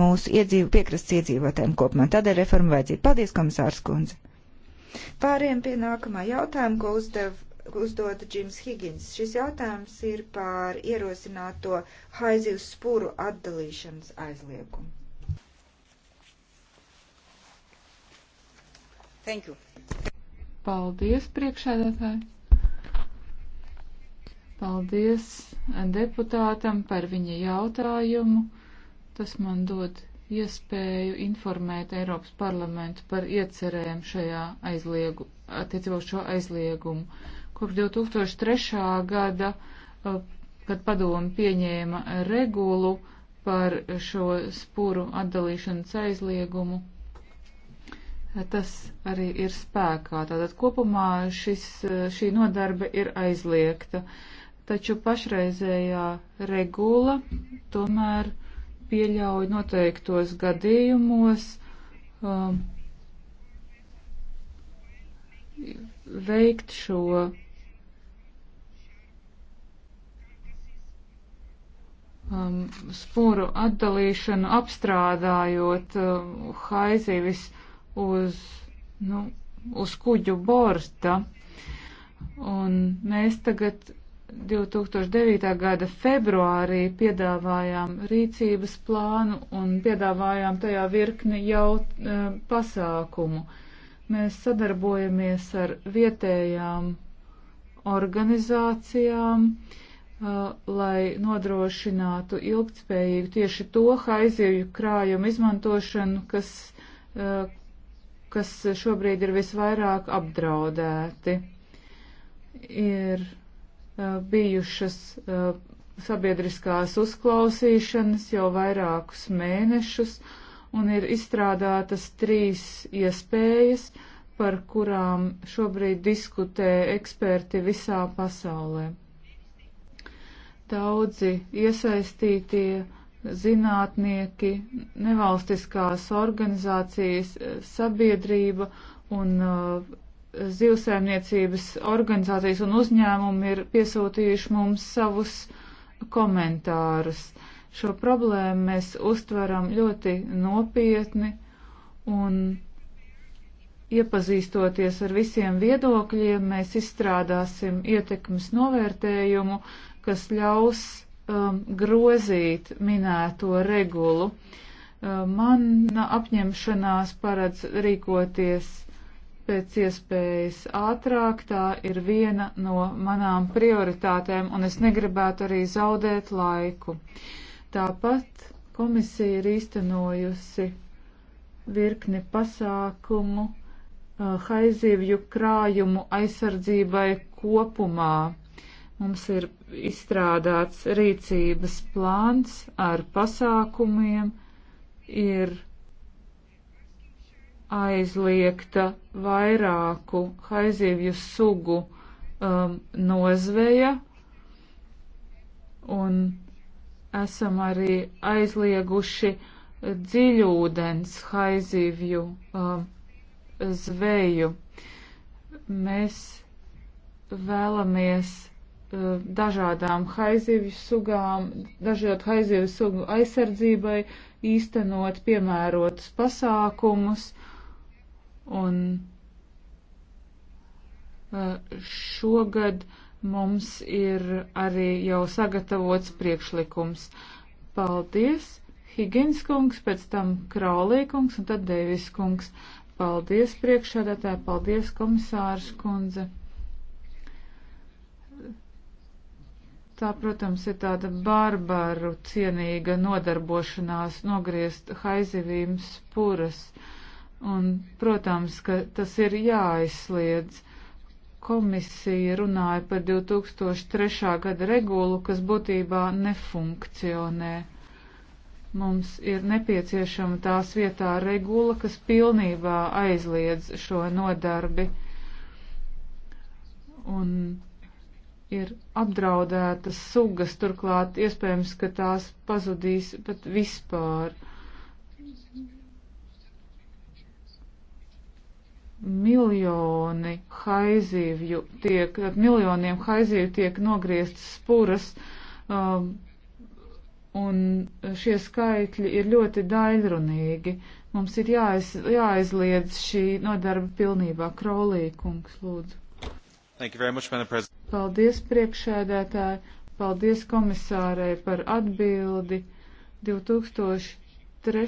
mūsu iedzīvu, piekrasts iedzīvotājiem kopumā. Tādēļ reforma vajadzīga. Paldies, komisārs kundze! Pāriem pie nākamā jautājuma, ko uzdev uzdota Džims Higgins. Šis jautājums ir par ierosināto haizivs spuru atdalīšanas aizliegumu. Thank you. Paldies, priekšēdētāji. Paldies deputātam par viņa jautājumu. Tas man dod iespēju informēt Eiropas parlamentu par iecerēm šajā aizliegu, attiecībā uz šo aizliegumu. Kopš 2003. gada, uh, kad padomu pieņēma regulu par šo spuru atdalīšanas aizliegumu, tas arī ir spēkā. Tātad kopumā šis, šī nodarbe ir aizliegta, taču pašreizējā regula tomēr pieļauj noteiktos gadījumos um, veikt šo um, spūru atdalīšanu, apstrādājot um, haizīvis. Uh, uz, nu, uz kuģu borta. Un mēs tagad 2009. gada februārī piedāvājām rīcības plānu un piedāvājām tajā virkni jau e, pasākumu. Mēs sadarbojamies ar vietējām organizācijām, e, lai nodrošinātu ilgtspējīgu tieši to haizivju krājumu izmantošanu, kas, e, kas šobrīd ir visvairāk apdraudēti. Ir bijušas sabiedriskās uzklausīšanas jau vairākus mēnešus, un ir izstrādātas trīs iespējas, par kurām šobrīd diskutē eksperti visā pasaulē. Daudzi iesaistītie zinātnieki, nevalstiskās organizācijas, sabiedrība un uh, zivsaimniecības organizācijas un uzņēmumi ir piesūtījuši mums savus komentārus. Šo problēmu mēs uztveram ļoti nopietni un iepazīstoties ar visiem viedokļiem, mēs izstrādāsim ietekmes novērtējumu, kas ļaus um, grozīt minēto regulu. Um, mana apņemšanās paredz rīkoties pēc iespējas ātrāk, tā ir viena no manām prioritātēm, un es negribētu arī zaudēt laiku. Tāpat komisija ir īstenojusi virkni pasākumu uh, haizīvju krājumu aizsardzībai kopumā. Mums ir izstrādāts rīcības plāns ar pasākumiem, ir aizliegta vairāku haizivju sugu um, nozveja, un esam arī aizlieguši dziļūdens haizivju um, zveju. Mēs vēlamies dažādām haizivju sugām, dažādu haizivju sugu aizsardzībai, īstenot piemērotus pasākumus. Un e, šogad mums ir arī jau sagatavots priekšlikums. Paldies, Higins kungs, pēc tam Kraulī kungs un tad Deivis kungs. Paldies priekšādātāji, paldies komisārs kundze. Tā, protams, ir tāda barbaru cienīga nodarbošanās nogriezt haizivīm spuras. Un, protams, ka tas ir jāaizsliedz. Komisija runāja par 2003. gada regulu, kas būtībā nefunkcionē. Mums ir nepieciešama tās vietā regula, kas pilnībā aizliedz šo nodarbi. Un ir apdraudētas sugas, turklāt iespējams, ka tās pazudīs pat vispār. Miljoni haizīvju tiek, miljoniem haizīvju tiek nogrieztas spuras, um, un šie skaitļi ir ļoti daļrunīgi. Mums ir jāiz, jāizliedz šī nodarba pilnībā. Krolīkungs, lūdzu. Thank you very much, Madam President. Paldies priekšēdētāji, paldies komisārei par atbildi. 2003.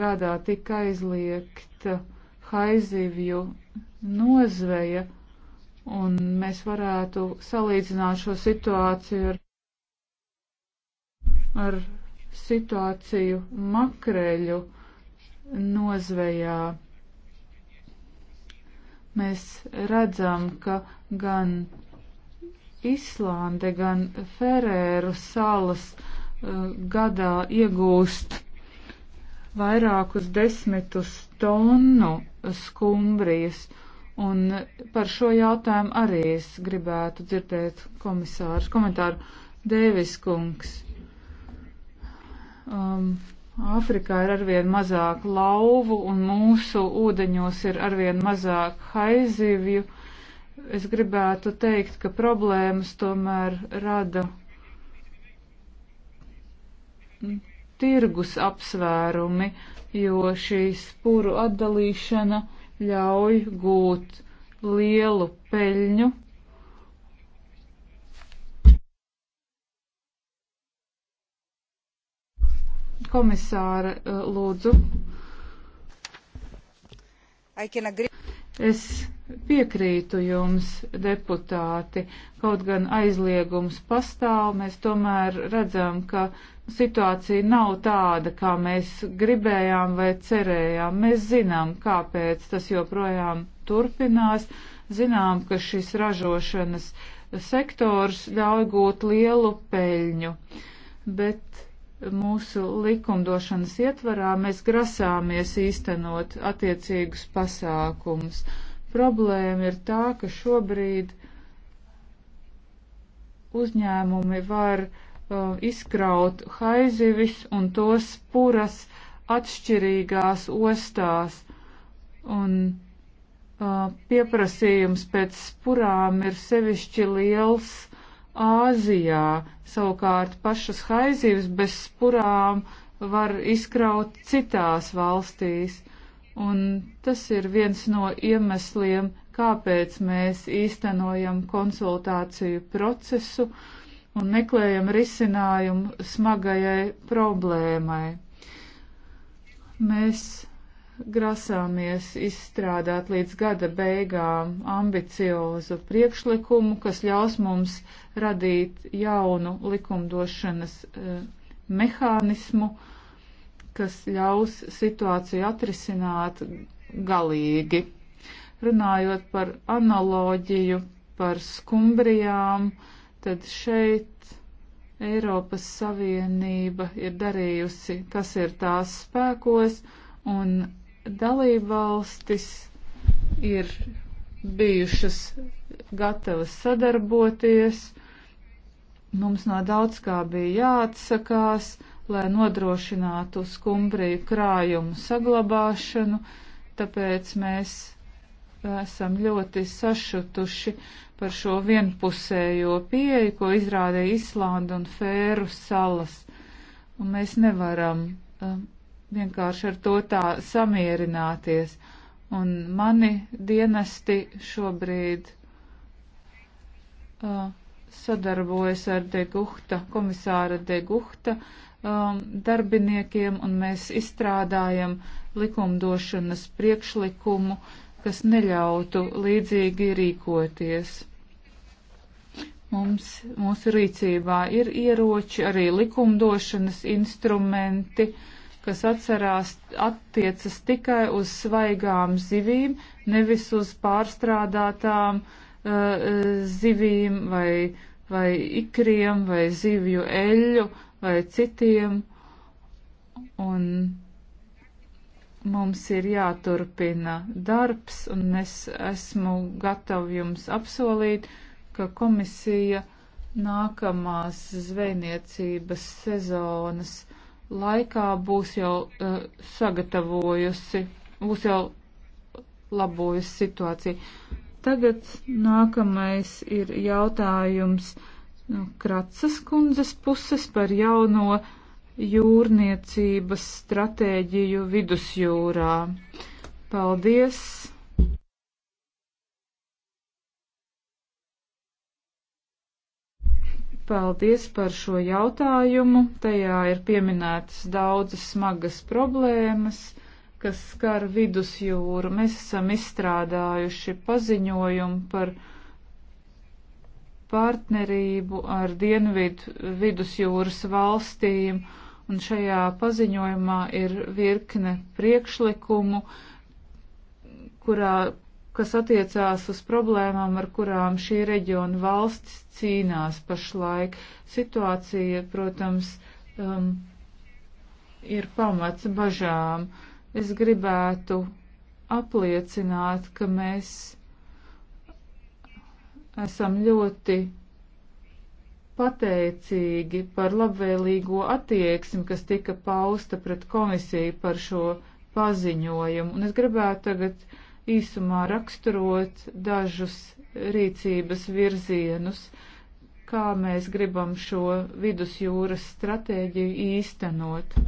gadā tika aizliegta haizivju nozveja, un mēs varētu salīdzināt šo situāciju ar, ar situāciju makreļu nozvejā. Mēs redzam, ka gan Islande, gan Ferēru salas uh, gadā iegūst vairākus desmitus tonu skumbrijas. Un par šo jautājumu arī es gribētu dzirdēt komisārs komentāru. Dēvis kungs. Um, Āfrikā ir arvien mazāk lauvu un mūsu ūdeņos ir arvien mazāk haizivju. Uh, es gribētu teikt, ka problēmas tomēr rada tirgus apsvērumi, jo šī spuru atdalīšana ļauj gūt lielu peļņu. Komisāra, eh, lūdzu. Es Piekrītu jums, deputāti, kaut gan aizliegums pastāv, mēs tomēr redzam, ka situācija nav tāda, kā mēs gribējām vai cerējām. Mēs zinām, kāpēc tas joprojām turpinās, zinām, ka šis ražošanas sektors ļauj gūt lielu peļņu, bet mūsu likumdošanas ietvarā mēs grasāmies īstenot attiecīgus pasākumus. Problēma ir tā, ka šobrīd uzņēmumi var uh, izkraut haizivis un tos puras atšķirīgās ostās. Un uh, pieprasījums pēc spurām ir sevišķi liels Āzijā. Savukārt pašas haizivis bez spurām var izkraut citās valstīs. Un tas ir viens no iemesliem, kāpēc mēs īstenojam konsultāciju procesu un meklējam risinājumu smagajai problēmai. Mēs grasāmies izstrādāt līdz gada beigām ambiciozu priekšlikumu, kas ļaus mums radīt jaunu likumdošanas eh, mehānismu, kas ļaus situāciju atrisināt galīgi. Runājot par analoģiju, par skumbrijām, tad šeit Eiropas Savienība ir darījusi, kas ir tās spēkos, un dalībvalstis ir bijušas gatavas sadarboties. Mums no daudz kā bija jāatsakās lai nodrošinātu skumbriju krājumu saglabāšanu, tāpēc mēs esam ļoti sašutuši par šo vienpusējo pieeju, ko izrādīja Islanda un Fēru salas. Un mēs nevaram um, vienkārši ar to tā samierināties. Un mani dienesti šobrīd. Uh, sadarbojas ar Degukta, komisāra Degukta um, darbiniekiem, un mēs izstrādājam likumdošanas priekšlikumu, kas neļautu līdzīgi rīkoties. Mums, mūsu rīcībā ir ieroči, arī likumdošanas instrumenti, kas atcerās, attiecas tikai uz svaigām zivīm, nevis uz pārstrādātām uh, zivīm vai, vai ikriem vai zivju eļu vai citiem. Un mums ir jāturpina darbs, un es esmu gatavi jums apsolīt, ka komisija nākamās zvejniecības sezonas laikā būs jau uh, sagatavojusi, būs jau labojusi situāciju. Tagad nākamais ir jautājums no Kratsas kundzes puses par jauno jūrniecības stratēģiju vidusjūrā. Paldies! Paldies par šo jautājumu. Tajā ir pieminētas daudzas smagas problēmas kas skar vidusjūru. Mēs esam izstrādājuši paziņojumu par partnerību ar Dienvidu vidusjūras valstīm, un šajā paziņojumā ir virkne priekšlikumu, kurā, kas attiecās uz problēmām, ar kurām šī reģiona valstis cīnās pašlaik. Situācija, protams, um, ir pamats bažām. Uh, Es gribētu apliecināt, ka mēs esam ļoti pateicīgi par labvēlīgo attieksmi, kas tika pausta pret komisiju par šo paziņojumu. Un es gribētu tagad īsumā raksturot dažus rīcības virzienus, kā mēs gribam šo vidusjūras stratēģiju īstenot.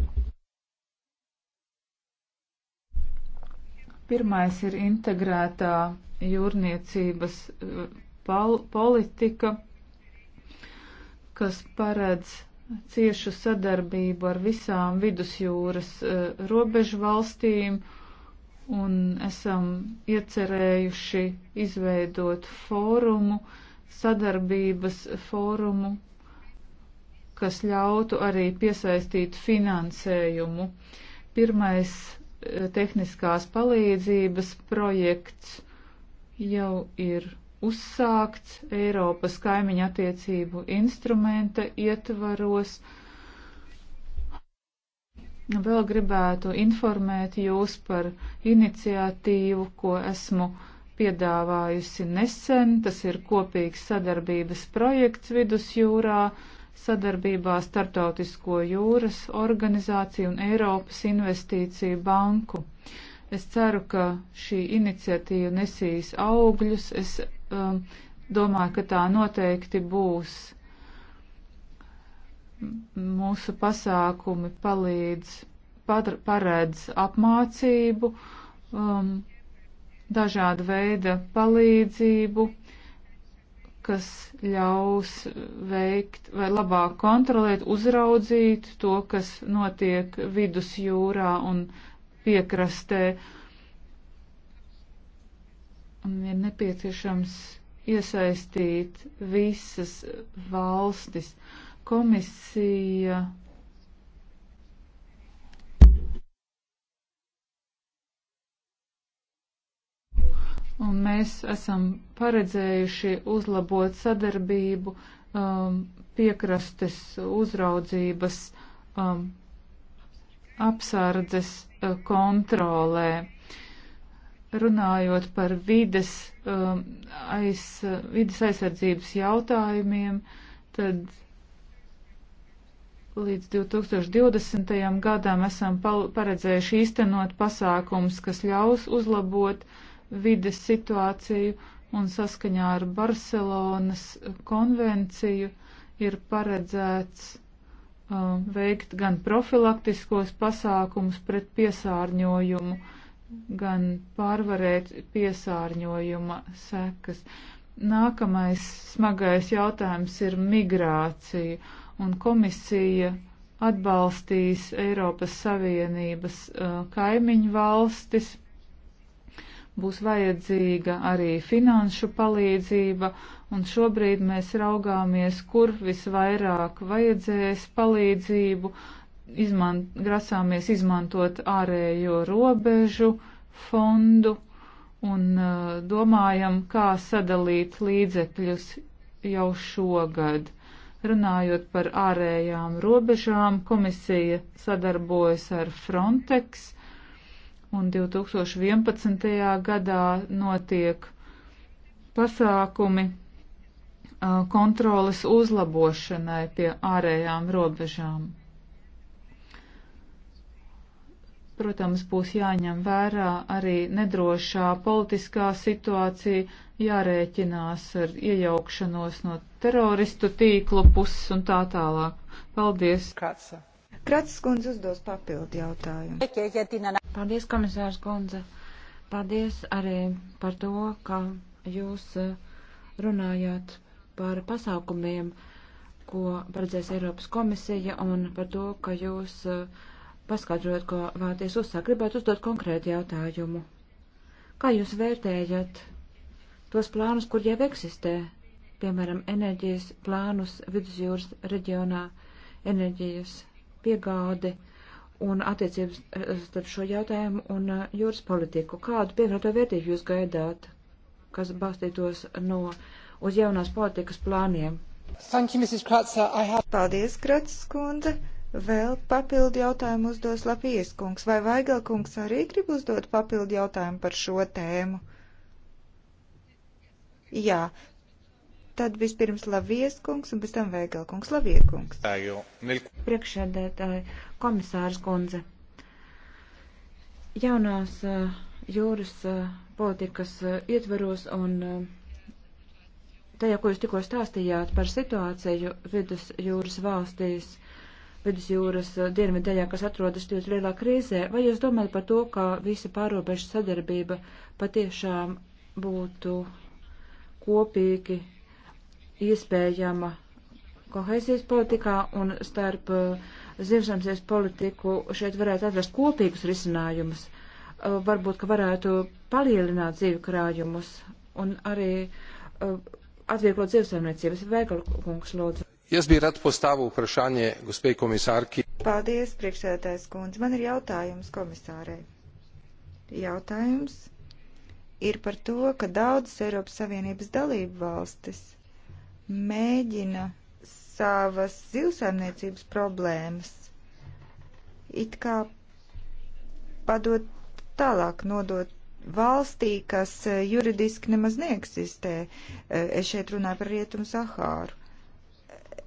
Pirmais ir integrētā jūrniecības eh, pol politika, kas paredz ciešu sadarbību ar visām vidusjūras uh, robežu valstīm un esam iecerējuši izveidot fórumu, sadarbības fórumu, kas ļautu arī piesaistīt finansējumu. Pirmais tehniskās palīdzības projekts jau ir uzsākts Eiropas kaimiņa attiecību instrumenta ietvaros. Vēl gribētu informēt jūs par iniciatīvu, ko esmu piedāvājusi nesen. Tas ir kopīgs sadarbības projekts vidusjūrā. jūrā sadarbībā Startautisko jūras organizāciju un Eiropas investīciju banku. Es ceru, ka šī iniciatīva nesīs augļus. Es um, domāju, ka tā noteikti būs. Mūsu pasākumi palīdz, padr, paredz apmācību, um, dažāda veida palīdzību kas ļaus veikt vai labāk kontrolēt, uzraudzīt to, kas notiek vidus jūrā un piekrastē. Un ir nepieciešams iesaistīt visas valstis. Komisija un mēs esam paredzējuši uzlabot sadarbību um, piekrastes uzraudzības um, apsardzes uh, kontrolē. Runājot par vides, um, aiz, vides aizsardzības jautājumiem, tad līdz 2020. gadam esam paredzējuši īstenot pasākums, kas ļaus uzlabot uh, vides situāciju un saskaņā ar Barcelonas konvenciju ir paredzēts um, veikt gan profilaktiskos pasākumus pret piesārņojumu, gan pārvarēt piesārņojuma sekas. Nākamais smagais jautājums ir migrācija, un komisija atbalstīs Eiropas Savienības uh, kaimiņu valstis būs vajadzīga arī finanšu palīdzība, un šobrīd mēs raugāmies, kur visvairāk vajadzēs palīdzību, izman, grasāmies izmantot ārējo robežu fondu un uh, domājam, kā sadalīt līdzekļus jau šogad. Runājot par ārējām robežām, komisija sadarbojas ar Frontex, uh, un 2011. gadā notiek pasākumi kontroles uzlabošanai pie ārējām robežām. Protams, būs jāņem vērā arī nedrošā politiskā situācija, jārēķinās ar iejaukšanos no teroristu tīklu puses un tā tālāk. Paldies! Kāds? Kratis kundze uzdos papildu jautājumu. Paldies, komisārs kundze. Paldies arī par to, ka jūs eh, runājāt par pasākumiem, ko paredzēs Eiropas komisija un par to, ka jūs eh, paskaidrojat, ko vēlaties uzsākt. Gribētu uzdot konkrētu jautājumu. Kā jūs vērtējat tos plānus, kur jau eksistē, piemēram, enerģijas plānus vidusjūras reģionā, enerģijas piegādi un attiecības eh, starp šo jautājumu un eh, jūras politiku. Kādu pievienoto vērtību jūs gaidāt, kas balstītos no uz jaunās politikas plāniem? Thank you, Mrs. Kratza. I have... Paldies, Kratzes kundze. Vēl papildu jautājumu uzdos Lapijas kungs. Vai Vaigel kungs arī grib uzdot papildu jautājumu par šo tēmu? Jā, Tad vispirms Lavies kungs un pēc tam Vēgela kungs. Lavie kungs. Priekšsēdētāji, komisārs kundze. Jaunās jūras politikas ietvaros un tajā, ko jūs tikko stāstījāt par situāciju vidusjūras valstīs, vidusjūras dienvidaļā, kas atrodas ļoti lielā krīzē, vai jūs domājat par to, ka visa pārobežu sadarbība patiešām būtu kopīgi iespējama kohēzijas politikā un starp uh, eh, zivsamsies politiku šeit varētu atrast kopīgus risinājumus. Uh, varbūt, ka varētu palielināt dzīvi krājumus un arī uh, atvieglot zivsaimniecības. Vēgalkungs, lūdzu. Jaz bi rad postavil vprašanje gospe komisarki. Paldies, priekšsēdētājs kundze. Man ir jautājums komisārei. Jautājums ir par to, ka daudzas Eiropas Savienības dalību valstis mēģina savas zivsaimniecības problēmas it kā padot tālāk, nodot valstī, kas eh, juridiski nemaz neeksistē. Eh, es šeit runāju par Rietumu Sahāru.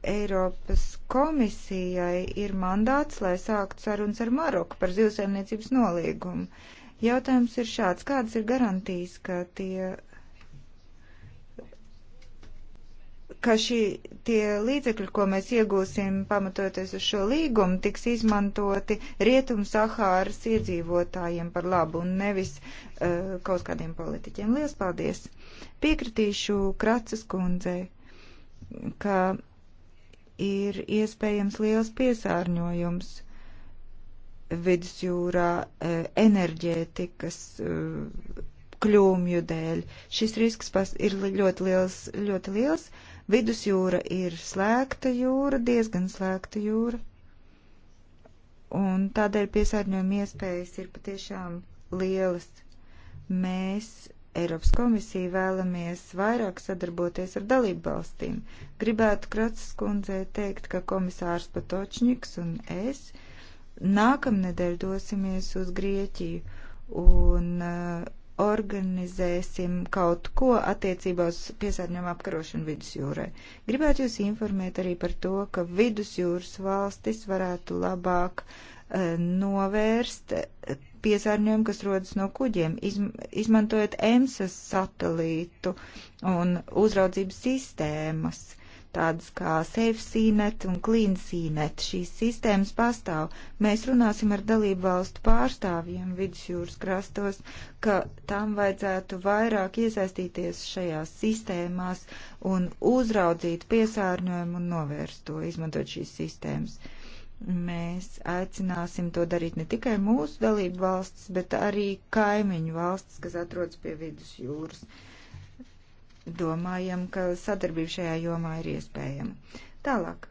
Eiropas komisijai ir mandāts, lai sāktu sarunas ar Maroku par zivsaimniecības nolīgumu. Jautājums ir šāds, kādas ir garantijas, ka tie ka šī, tie līdzekļi, ko mēs iegūsim pamatoties uz šo līgumu, tiks izmantoti Rietumu Sahāras iedzīvotājiem par labu un nevis uh, kaut kādiem politiķiem. Lielas paldies! Piekritīšu Kracas kundzei, ka ir iespējams liels piesārņojums vidusjūrā uh, enerģētikas. Uh, kļūmju dēļ. Šis risks ir ļoti liels, ļoti liels. Uh, Vidusjūra ir slēgta jūra, diezgan slēgta jūra. Un tādēļ piesārņojuma iespējas ir patiešām lielas. Mēs Eiropas komisija vēlamies vairāk sadarboties ar dalību valstīm. Gribētu Kratsas kundzei teikt, ka komisārs Patočņiks un es nākamnedēļ dosimies uz Grieķiju un uh, organizēsim kaut ko attiecībā uz piesārņojumu apkarošanu vidusjūrē. Gribētu jūs informēt arī par to, ka vidusjūras valstis varētu labāk uh, novērst eh, piesārņojumu, kas rodas no kuģiem, izm izmantojot EMSAS satelītu un uzraudzības sistēmas tādas kā SafeSeaNet un CleanSeaNet. Šīs sistēmas pastāv. Mēs runāsim ar dalību valstu pārstāvjiem vidusjūras krastos, ka tam vajadzētu vairāk iesaistīties šajās sistēmās un uzraudzīt piesārņojumu un novērst to, izmantot šīs sistēmas. Mēs aicināsim to darīt ne tikai mūsu dalību valsts, bet arī kaimiņu valsts, kas atrodas pie vidusjūras. jūras domājam, ka sadarbība šajā jomā ir iespējama. Tālāk.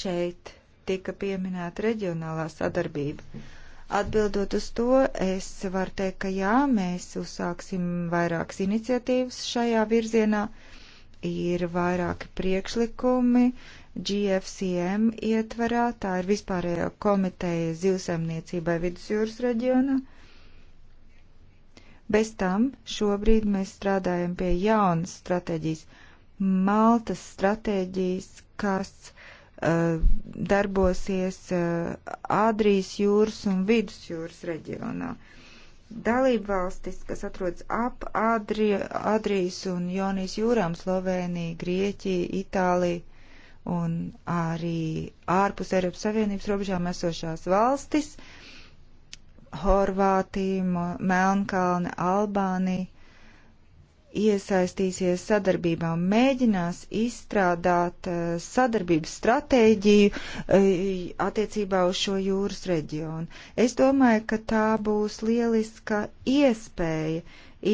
Šeit tika pieminēta reģionālā sadarbība. Atbildot uz to, es varu teikt, ka jā, mēs uzsāksim vairākas iniciatīvas šajā virzienā. Ir vairāki priekšlikumi GFCM ietvarā, tā ir vispārējā komiteja zivsaimniecībai vidusjūras reģionā. Uh, Bez tam šobrīd mēs strādājam pie jaunas stratēģijas, Maltas stratēģijas, kas uh, darbosies uh, Adrijas jūras un Vidusjūras reģionā. Dalība valstis, kas atrodas ap Adri, Adrijas un Jonijas jūrām - Slovēnija, Grieķija, Itālija un arī ārpus Eiropas Savienības robežām esošās valstis uh, Horvātija, Melnkalne, Albānija iesaistīsies sadarbībā un mēģinās izstrādāt eh, sadarbības stratēģiju eh, attiecībā uz šo jūras reģionu. Es domāju, ka tā būs lieliska iespēja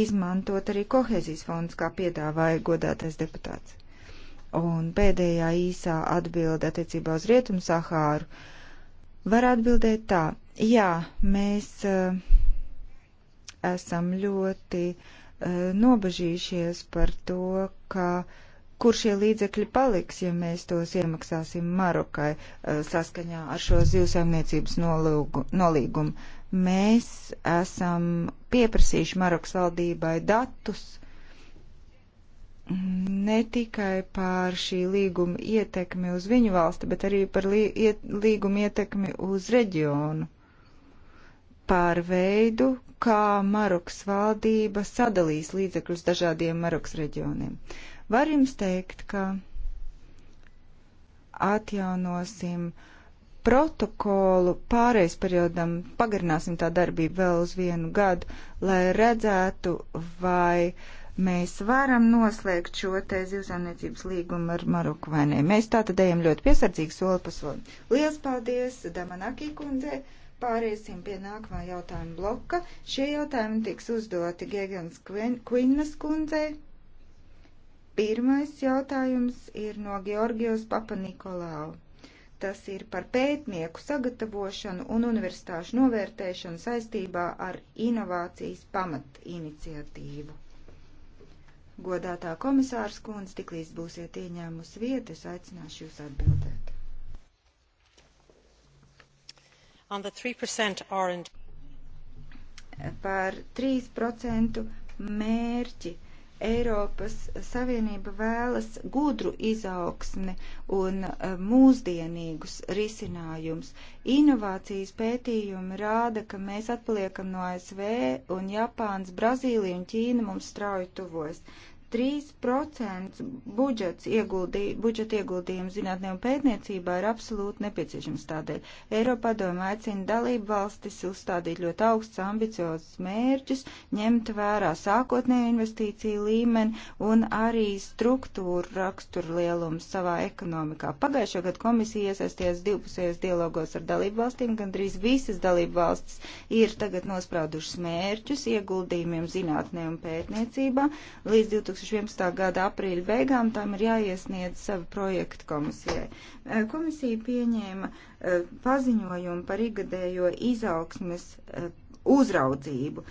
izmantot arī kohēzijas fondus, kā piedāvāja godātais deputāts. Un pēdējā īsā atbilde attiecībā uz Rietumu Sahāru var atbildēt tā. Jā, mēs eh, esam ļoti eh, nobažījušies par to, ka kur šie līdzekļi paliks, ja mēs tos iemaksāsim Marokai eh, saskaņā ar šo zivsaimniecības nolīgumu. Mēs esam pieprasījuši Marokas valdībai datus ne tikai par šī līguma ietekmi uz viņu valsti, bet arī par lī, iet, līguma ietekmi uz reģionu par veidu, kā Marokas valdība sadalīs līdzekļus dažādiem Marokas reģioniem. Var jums teikt, ka atjaunosim protokolu pārejas periodam, pagarināsim tā darbību vēl uz vienu gadu, lai redzētu, vai mēs varam noslēgt šo te zivsaimniecības līgumu ar Maroku vai nē. Mēs tā tad ejam ļoti piesardzīgi soli pa soli. Lielas paldies, Damanakī kundzei! Pāriesim pie nākamā jautājuma bloka. Šie jautājumi tiks uzdoti Gegans Kvinnas kundzei. Pirmais jautājums ir no Georgijos Papa Nikolau. Tas ir par pētnieku sagatavošanu un universitāšu novērtēšanu saistībā ar inovācijas pamat iniciatīvu. Godātā komisārs kundze, tiklīdz būsiet ieņēmusi vietu, es aicināšu jūs atbildēt. on the 3% R&D. Par 3% mērķi Eiropas Savienība vēlas gudru izaugsmi un eh, mūsdienīgus risinājumus. Inovācijas pētījumi rāda, ka mēs atpaliekam no ASV un Japāns, Brazīlija un Ķīna mums strauji tuvojas. 3% budžets ieguldī, budžeta ieguldījumu zinātnē un pētniecībā ir absolūti nepieciešams tādēļ. Eiropā doma aicina dalību valstis uzstādīt ļoti augsts ambiciozus mērķus, ņemt vērā sākotnēju investīciju līmeni un arī struktūru raksturu lielumu savā ekonomikā. Pagājušo gadu komisija iesaisties divpusējos dialogos ar dalību valstīm, gandrīz visas dalību valstis ir tagad nospraudušas mērķus ieguldījumiem zinātnē un pētniecībā līdz 2000. 2011. gada aprīļa beigām tam ir jāiesniedz savu projektu komisijai. Komisija pieņēma paziņojumu par igadējo izaugsmes uzraudzību.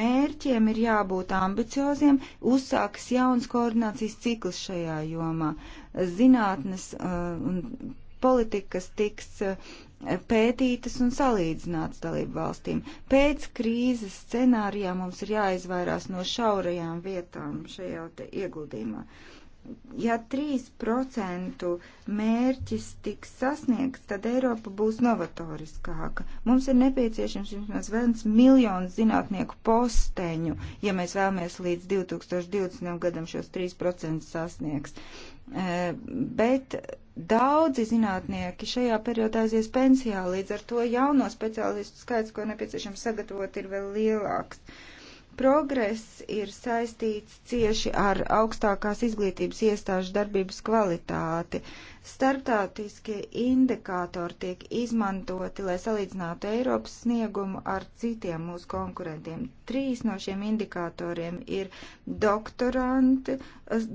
Mērķiem ir jābūt ambicioziem, uzsākas jauns koordinācijas cikls šajā jomā. Zinātnes un politikas tiks pētītas un salīdzinātas dalību valstīm. Pēc krīzes scenārijā mums ir jāizvairās no šaurajām vietām šajā ieguldījumā. Ja 3% mērķis tiks sasniegts, tad Eiropa būs novatoriskāka. Mums ir nepieciešams vismaz viens miljons zinātnieku posteņu, ja mēs vēlamies līdz 2020. gadam šos 3% sasniegts Eh, bet daudzi zinātnieki šajā periodā aizies pensijā, līdz ar to jauno speciālistu skaits, ko nepieciešams sagatavot, ir vēl lielāks. Progress ir saistīts cieši ar augstākās izglītības iestāžu darbības kvalitāti. Startautiskie indikātori tiek izmantoti, lai salīdzinātu Eiropas sniegumu ar citiem mūsu konkurentiem. Trīs no šiem indikātoriem ir doktoranti,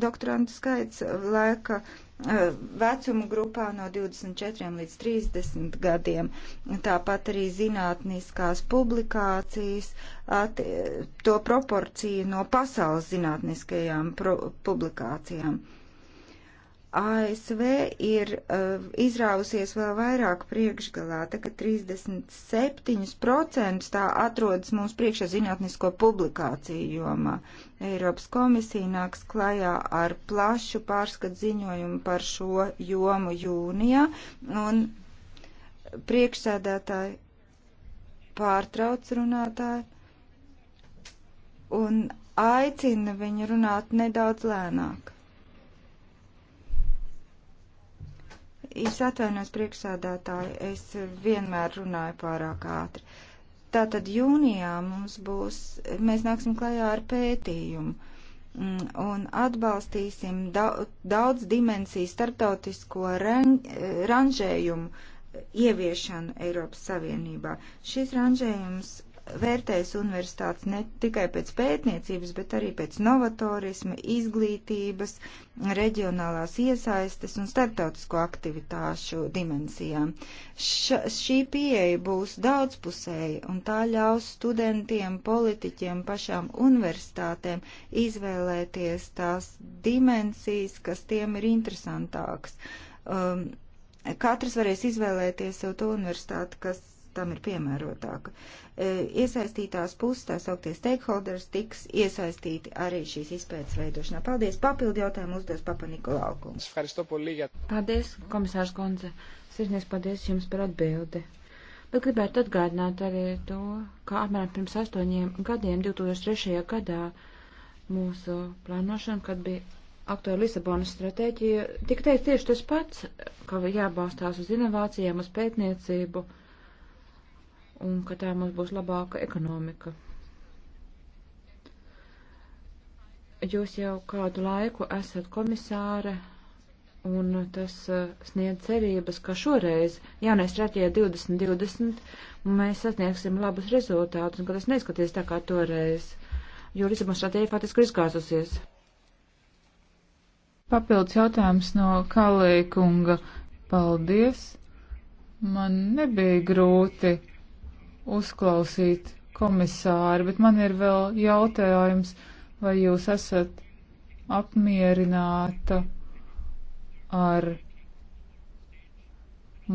doktorantu skaits, laika vecumu grupā no 24 līdz 30 gadiem. Tāpat arī zinātniskās publikācijas, ati, to proporciju no pasaules zinātniskajām publikācijām. ASV ir uh, izrāvusies vēl vairāk priekšgalā, tā ka 37% tā atrodas mūsu priekšā zinātnisko publikāciju jomā. Eiropas komisija nāks klajā ar plašu pārskat ziņojumu par šo jomu jūnijā, un priekšsēdētāji pārtrauc runātāji un aicina viņu runāt nedaudz lēnāk. Es atvainos priekšsādātāji, es vienmēr runāju pārāk ātri. Tātad jūnijā mums būs, mēs nāksim klajā ar pētījumu mm, un atbalstīsim daudz dimensiju starptautisko ranžējumu ieviešanu Eiropas Savienībā. Šis ranžējums vērtēs universitātes ne tikai pēc pētniecības, bet arī pēc novatorisma, izglītības, reģionālās iesaistes un starptautisko aktivitāšu dimensijām. Ša, šī pieeja būs daudzpusēja un tā ļaus studentiem, politiķiem, pašām universitātēm izvēlēties tās dimensijas, kas tiem ir interesantāks. Um, katrs varēs izvēlēties sev to universitāti, kas tam ir piemērotāka. E, iesaistītās puses, tā sauktie stakeholders, tiks iesaistīti arī šīs izpētes veidošanā. Paldies! Papildu jautājumu uzdos Papa Nikolākums. Paldies, komisārs Gonze. Sirsnieks paldies jums par atbildi. Bet gribētu atgādināt arī to, ka apmēram pirms astoņiem gadiem, 2003. gadā, mūsu plānošana, kad bija aktuāla Lisabonas stratēģija, tika teikt tieši tas pats, ka jābalstās uz inovācijām, uz pētniecību un ka tā mums būs labāka ekonomika. Jūs jau kādu laiku esat komisāre, un tas uh, sniedz cerības, ka šoreiz jaunajā stratēģijā 2020 mēs sasniegsim labus rezultātus, un ka tas neizskaties tā kā toreiz, jo Lisabonas stratēģija faktiski ir izgāzusies. Papildus jautājums no Kalēkunga. Paldies! Man nebija grūti uzklausīt komisāri, bet man ir vēl jautājums, vai jūs esat apmierināta ar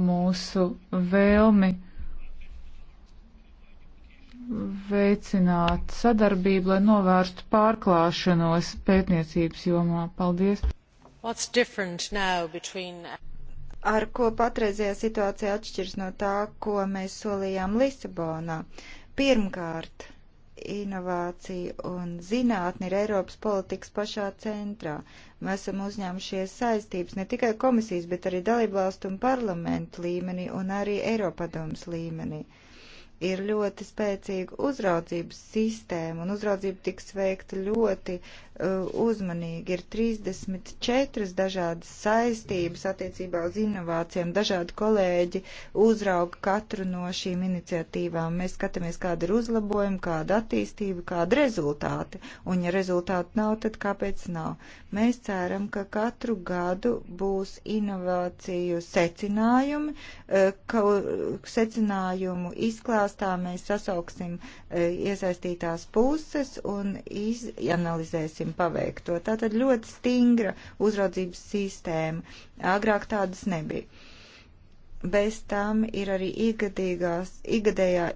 mūsu vēlmi veicināt sadarbību, lai novērstu pārklāšanos pētniecības jomā. Paldies! What's different now between ar ko patreizajā situācijā atšķirs no tā, ko mēs solījām Lisabonā. Pirmkārt, inovācija un zinātni ir Eiropas politikas pašā centrā. Mēs esam uzņēmušies saistības ne tikai komisijas, bet arī dalībvalstu un parlamentu līmenī un arī Eiropadomas līmenī. Ir ļoti spēcīga uzraudzības sistēma, un uzraudzība tiks veikta ļoti uh, Uh, uzmanīgi. Ir 34 dažādas saistības attiecībā uz inovācijām. Dažādi kolēģi uzrauga katru no šīm iniciatīvām. Mēs skatāmies, kāda ir uzlabojuma, kāda attīstība, kāda rezultāti. Un ja rezultāti nav, tad kāpēc nav? Mēs ceram, ka katru gadu būs inovāciju secinājumi, uh, ka secinājumu izklāstā mēs sasauksim uh, iesaistītās puses un izanalizēsim valstīm paveikto. Tā tad ļoti stingra uzraudzības sistēma. Agrāk tādas nebija. Bez tam ir arī ikgadējā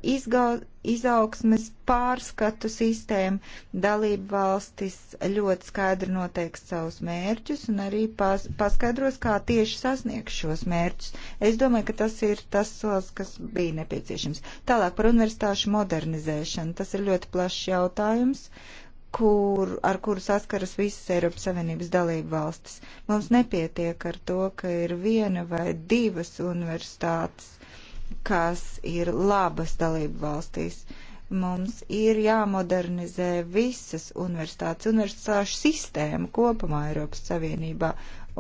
izaugsmes pārskatu sistēma. Dalība valstis ļoti skaidri noteiks savus mērķus un arī pas, paskaidros, kā tieši sasniegs šos mērķus. Es domāju, ka tas ir tas solis, kas bija nepieciešams. Tālāk par universitāšu modernizēšanu. Tas ir ļoti plašs jautājums. Uh, kur, ar kuru saskaras visas Eiropas Savienības dalību valstis. Mums nepietiek ar to, ka ir viena vai divas universitātes, kas ir labas dalību valstīs. Mums ir jāmodernizē visas universitātes, universitāšu sistēma kopumā Eiropas Savienībā.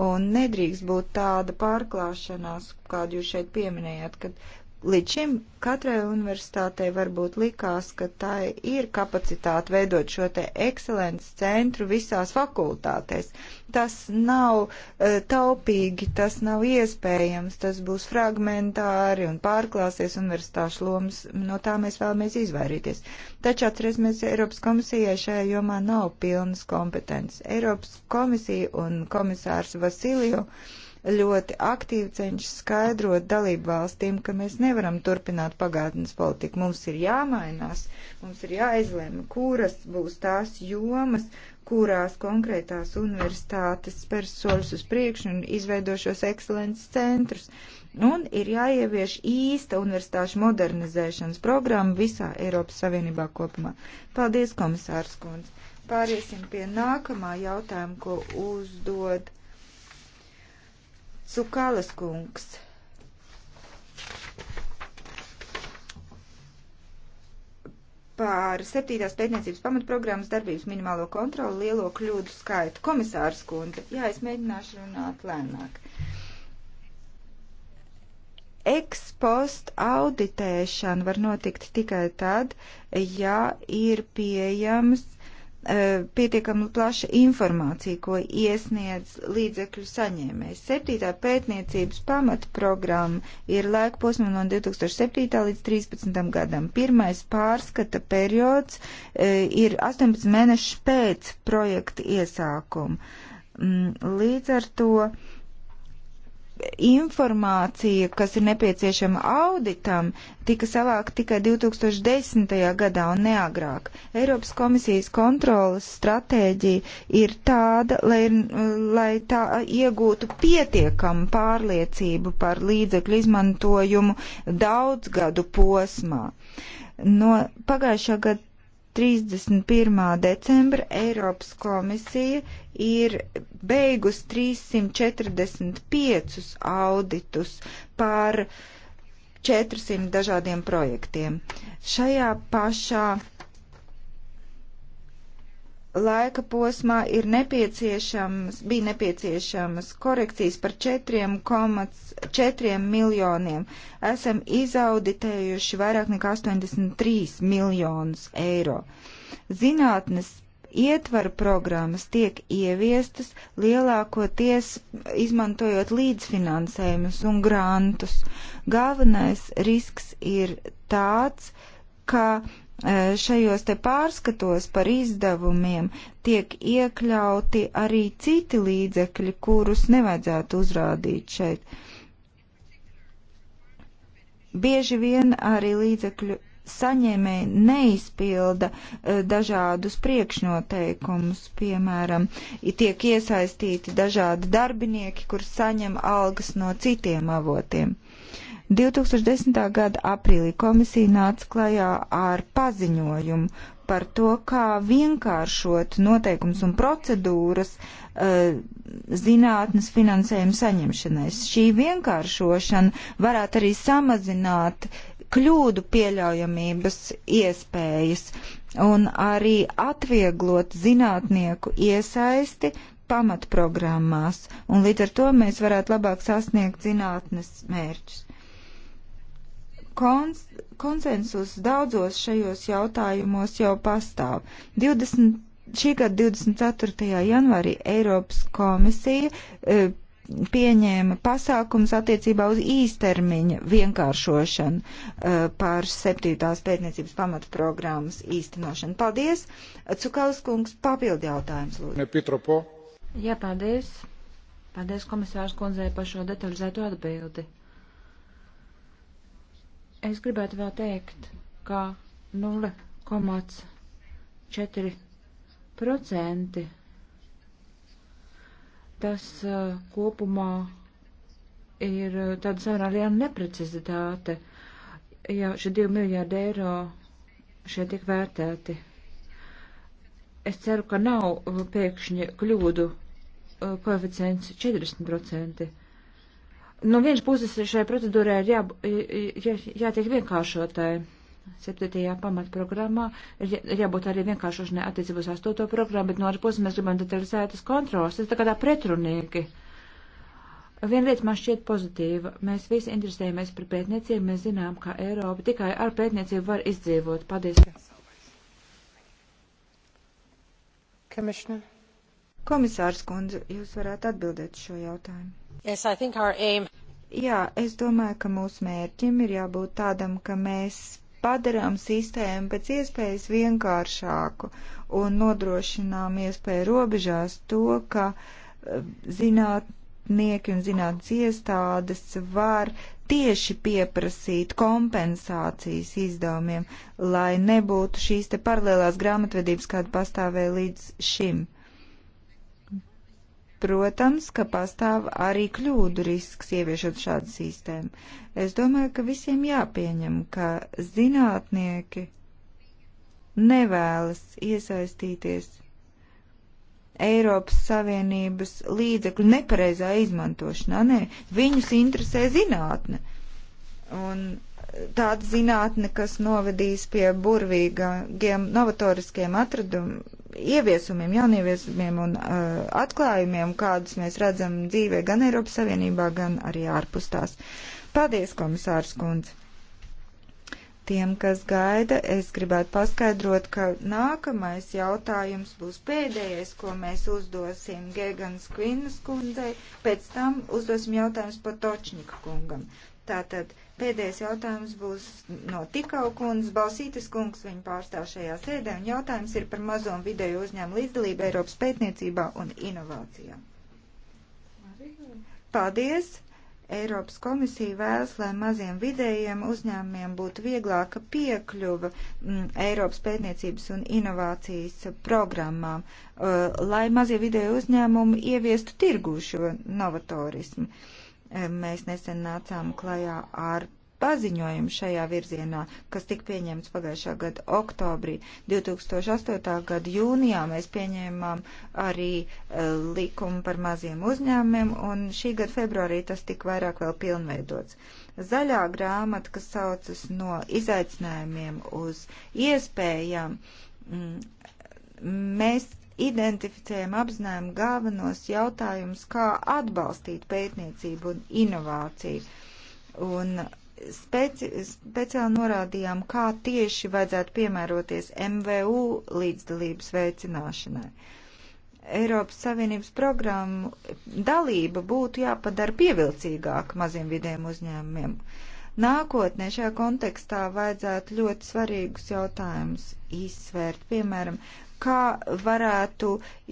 Un nedrīkst būt tāda pārklāšanās, kādu jūs šeit pieminējāt, kad Līdz šim katrai universitātei varbūt likās, ka tā ir kapacitāte veidot šo te ekscelences centru visās fakultātēs. Tas nav uh, taupīgi, tas nav iespējams, tas būs fragmentāri un pārklāsies universitāšu lomas, no tā mēs vēlamies izvairīties. Taču atcerēsimies, Eiropas komisijai šajā jomā nav pilnas kompetences. Eiropas komisija un komisārs Vasiliju uh, ļoti aktīvi cenšas skaidrot dalību valstīm, ka mēs nevaram turpināt pagātnes politiku. Mums ir jāmainās, mums ir jāizlēma, kuras būs tās jomas, kurās konkrētās universitātes spers soļus uz priekšu un izveido šos ekscelences centrus. Un ir jāievieš īsta universitāšu modernizēšanas programma visā Eiropas Savienībā kopumā. Paldies, komisārs Kunds. Pāriesim pie nākamā jautājuma, ko uzdod Cukalas kungs. Pār septītās pētniecības pamatprogrammas darbības minimālo kontroli lielo kļūdu skaitu. Komisārs kundze, jā, es mēģināšu runāt lēnāk. Ekspost auditēšana var notikt tikai tad, ja ir pieejams uh, E, pietiekami plaša informācija, ko iesniedz līdzekļu saņēmējs. Septītā pētniecības pamata programma ir laika posma no 2007. līdz 2013. gadam. Pirmais pārskata periods e, ir 18 mēnešus pēc projekta iesākuma. Mm, līdz ar to informācija, kas ir nepieciešama auditam, tika savākta tikai 2010. gadā un neagrāk. Eiropas komisijas kontrolas stratēģija ir tāda, lai, lai tā iegūtu pietiekamu pārliecību par līdzekļu izmantojumu daudzgadu posmā. No pagājušā gada 31. decembra Eiropas komisija ir beigus 345 auditus par 400 dažādiem projektiem. Šajā pašā laika posmā ir nepieciešams, bija nepieciešamas korekcijas par 4,4 miljoniem. Esam izauditējuši vairāk nekā 83 miljonus eiro. Zinātnes ietvaru programmas tiek ieviestas lielākoties izmantojot līdzfinansējumus un grantus. Galvenais risks ir tāds, ka uh, Eh, šajos te pārskatos par izdevumiem tiek iekļauti arī citi līdzekļi, kurus nevajadzētu uzrādīt šeit. Bieži vien arī līdzekļu saņēmēji neizpilda eh, dažādus priekšnoteikumus, piemēram, tiek iesaistīti dažādi darbinieki, kur saņem algas no citiem avotiem. 2010. gada aprīlī komisija nāca klajā ar paziņojumu par to, kā vienkāršot noteikums un procedūras uh, zinātnes finansējumu saņemšanai. Šī vienkāršošana varētu arī samazināt kļūdu pieļaujamības iespējas un arī atvieglot zinātnieku iesaisti pamatprogrammās, un līdz ar to mēs varētu labāk sasniegt zinātnes mērķus kons konsensus daudzos šajos jautājumos jau pastāv. 20, šī gada 24. janvārī Eiropas komisija e, pieņēma pasākums attiecībā uz īstermiņa vienkāršošanu e, pār septītās pētniecības pamatprogrammas īstenošanu. Paldies! Cukauskungs, papildi jautājums, lūdzu. Pitropo. Jā, paldies. Paldies komisārs kundzei par šo detalizēto atbildi. Es gribētu vēl teikt, ka 0,4% tas uh, kopumā ir uh, tāda samērā liela neprecizitāte, ja šie 2 miljārdi eiro šeit tiek vērtēti. Es ceru, ka nav uh, pēkšņi kļūdu koeficients 40% no vienas puses šai procedūrai ir jā, jā, jātiek vienkāršotai. 7. pamatprogrammā ir jābūt arī vienkāršošanai attiecībos 8. programmu, bet no otras puses mēs gribam detalizētas kontrolas. Tas tā kā tā pretrunīgi. Viena lieta man šķiet pozitīva. Mēs visi interesējamies par pētniecību. Mēs zinām, ka Eiropa tikai ar pētniecību var izdzīvot. Paldies. Komisārs kundze, jūs varētu atbildēt šo jautājumu. Yes, aim... Jā, es domāju, ka mūsu mērķim ir jābūt tādam, ka mēs padarām sistēmu pēc iespējas vienkāršāku un nodrošinām iespēju robežās to, ka eh, zinātnieki un zinātnes iestādes var tieši pieprasīt kompensācijas izdevumiem, lai nebūtu šīs te paralēlās grāmatvedības, kāda pastāvēja līdz šim. Protams, ka pastāv arī kļūdu risks ieviešot šādu sistēmu. Es domāju, ka visiem jāpieņem, ka zinātnieki nevēlas iesaistīties Eiropas Savienības līdzekļu nepareizā izmantošanā. Nē, viņus interesē zinātne. Un tāda zinātne, kas novedīs pie burvīgiem novatoriskiem atradumiem ieviesumiem, jaunieviesimiem un uh, atklājumiem, kādus mēs redzam dzīvē gan Eiropas Savienībā, gan arī ārpus tās. Paldies, komisārs Kundze! Tiem, kas gaida, es gribētu paskaidrot, ka nākamais jautājums būs pēdējais, ko mēs uzdosim Gegans Kvinnas kundzei, pēc tam uzdosim jautājums Potočņika kungam. Tātad pēdējais jautājums būs no Tikau kundzes. Balsītas kungs viņu pārstāv šajā sēdē, un jautājums ir par mazo un vidēju uzņēmumu līdzdalību Eiropas pētniecībā un inovācijā. Paldies! Eiropas komisija vēlas, lai maziem vidējiem uzņēmumiem būtu vieglāka piekļuva m, mm, Eiropas pētniecības un inovācijas programmām, uh, lai mazie vidēji uzņēmumi ieviestu tirgū šo novatorismu. Uh, Mēs nesen nācām klajā ar paziņojumu šajā virzienā, kas tika pieņemts pagājušā gada oktobrī. 2008. gada jūnijā mēs pieņēmām arī eh, likumu par maziem uzņēmumiem, un šī gada februārī tas tika vairāk vēl pilnveidots. Zaļā grāmata, kas saucas no izaicinājumiem uz iespējām, mm, mēs identificējam, apzinājam galvenos jautājumus, kā atbalstīt pētniecību un inovāciju. Un speci speciāli norādījām, kā tieši vajadzētu piemēroties MVU līdzdalības veicināšanai. Eiropas Savienības programmu dalība būtu jāpadara pievilcīgāk maziem vidiem uzņēmumiem. Nākotnē šajā kontekstā vajadzētu ļoti svarīgus jautājumus izsvērt, piemēram, kā varētu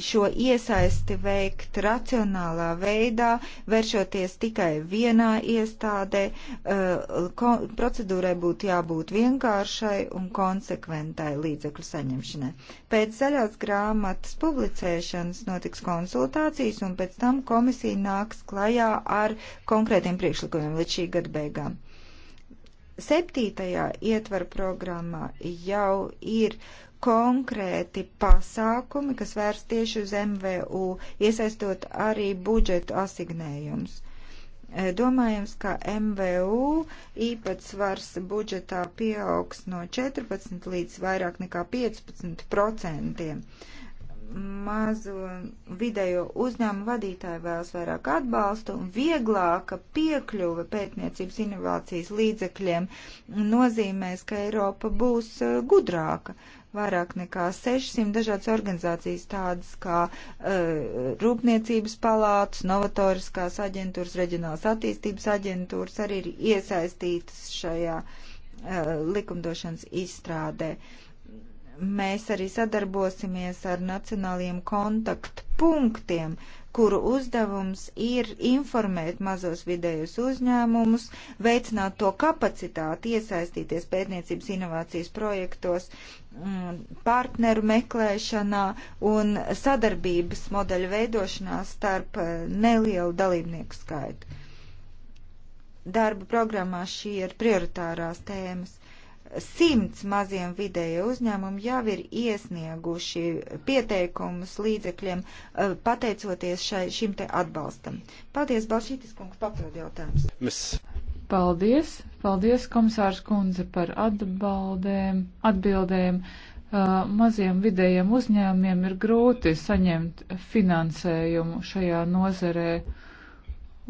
šo iesaisti veikt racionālā veidā, vēršoties tikai vienā iestādē. Uh, procedūrai būtu jābūt vienkāršai un konsekventai līdzekļu saņemšanai. Pēc zaļās grāmatas publicēšanas notiks konsultācijas un pēc tam komisija nāks klajā ar konkrētiem priekšlikumiem līdz šī gada beigām. Septītajā ietvaru programmā jau ir konkrēti pasākumi, kas vērst tieši uz MVU, iesaistot arī budžetu asignējums. E, domājams, ka MVU īpatsvars budžetā pieaugs no 14 līdz vairāk nekā 15 procentiem. Mazo vidējo uzņēmumu vadītāju vēlas vairāk atbalstu un vieglāka piekļuve pētniecības inovācijas līdzekļiem nozīmēs, ka Eiropa būs e, gudrāka vairāk nekā 600 dažādas organizācijas, tādas kā uh, Rūpniecības palātas, Novatoriskās aģentūras, Reģionālas attīstības aģentūras arī ir iesaistītas šajā uh, likumdošanas izstrādē. Mēs arī sadarbosimies ar nacionāliem kontaktpunktiem, uh, kuru uzdevums ir informēt mazos vidējos uzņēmumus, veicināt to kapacitāti, iesaistīties pētniecības inovācijas projektos, mm, partneru meklēšanā un sadarbības modeļu veidošanā starp eh, nelielu dalībnieku skaitu darba programmā šī ir prioritārās tēmas simts maziem vidēja uzņēmumi jau ir iesnieguši pieteikumus līdzekļiem, eh, pateicoties šai, šim te atbalstam. Paldies, Balšītis kungs, papildu jautājums. Mēs. Paldies, paldies, komisārs kundze, par atbaldēm, atbildēm. Uh, maziem vidējiem uzņēmumiem ir grūti saņemt finansējumu šajā nozerē. Uh,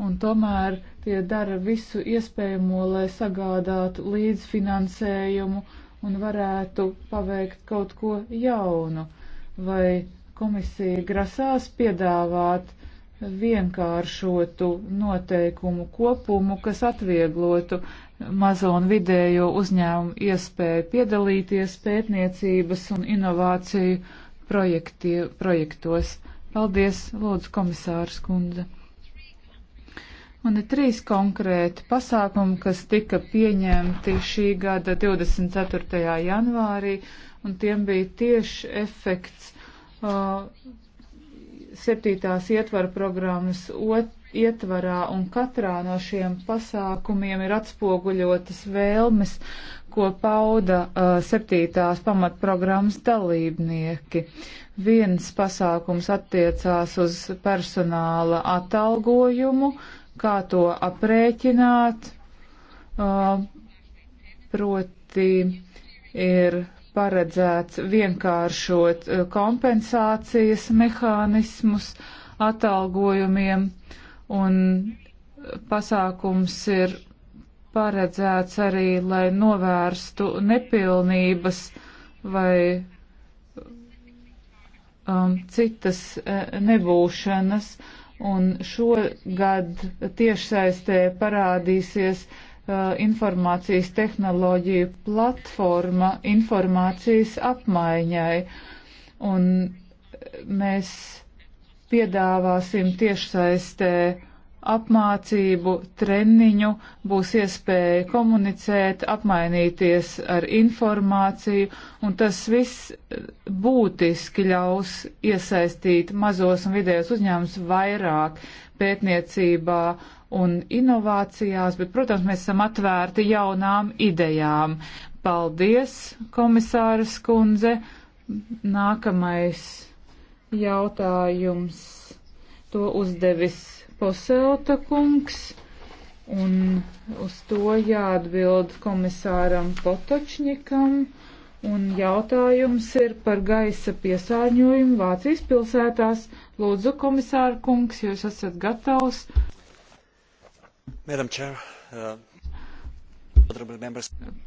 un tomēr tie dara visu iespējamo, lai sagādātu līdzfinansējumu un varētu paveikt kaut ko jaunu. Vai komisija grasās piedāvāt vienkāršotu noteikumu kopumu, kas atvieglotu mazo un vidējo uzņēmumu iespēju piedalīties pētniecības un inovāciju projekti, projektos. Paldies, lūdzu, komisārs kundze. Man ir trīs konkrēti pasākumi, kas tika pieņemti šī gada 24. janvārī, un tiem bija tieši efekts uh, septītās ietvara programmas ietvarā, un katrā no šiem pasākumiem ir atspoguļotas vēlmes, ko pauda uh, septītās pamatprogrammas dalībnieki. Viens pasākums attiecās uz personāla atalgojumu, uh, kā to aprēķināt. Uh, proti ir paredzēts vienkāršot uh, kompensācijas mehānismus atalgojumiem, un pasākums ir paredzēts arī, lai novērstu nepilnības vai um, citas uh, nebūšanas. Uh, un šogad tiešsaistē parādīsies uh, informācijas tehnoloģiju platforma informācijas apmaiņai. Un mēs piedāvāsim tiešsaistē uh, apmācību, treniņu, būs iespēja komunicēt, apmainīties ar informāciju, un tas viss būtiski ļaus iesaistīt mazos un vidējos uzņēmumus vairāk pētniecībā un inovācijās, bet, protams, mēs esam atvērti jaunām idejām. Paldies, komisāras kundze. Nākamais jautājums. To uzdevis Poselta kungs, un uz to jāatbild komisāram Potočņikam, un jautājums ir par gaisa piesārņojumu Vācijas pilsētās. Lūdzu, komisāra kungs, jūs esat gatavs. Madam Chair, uh...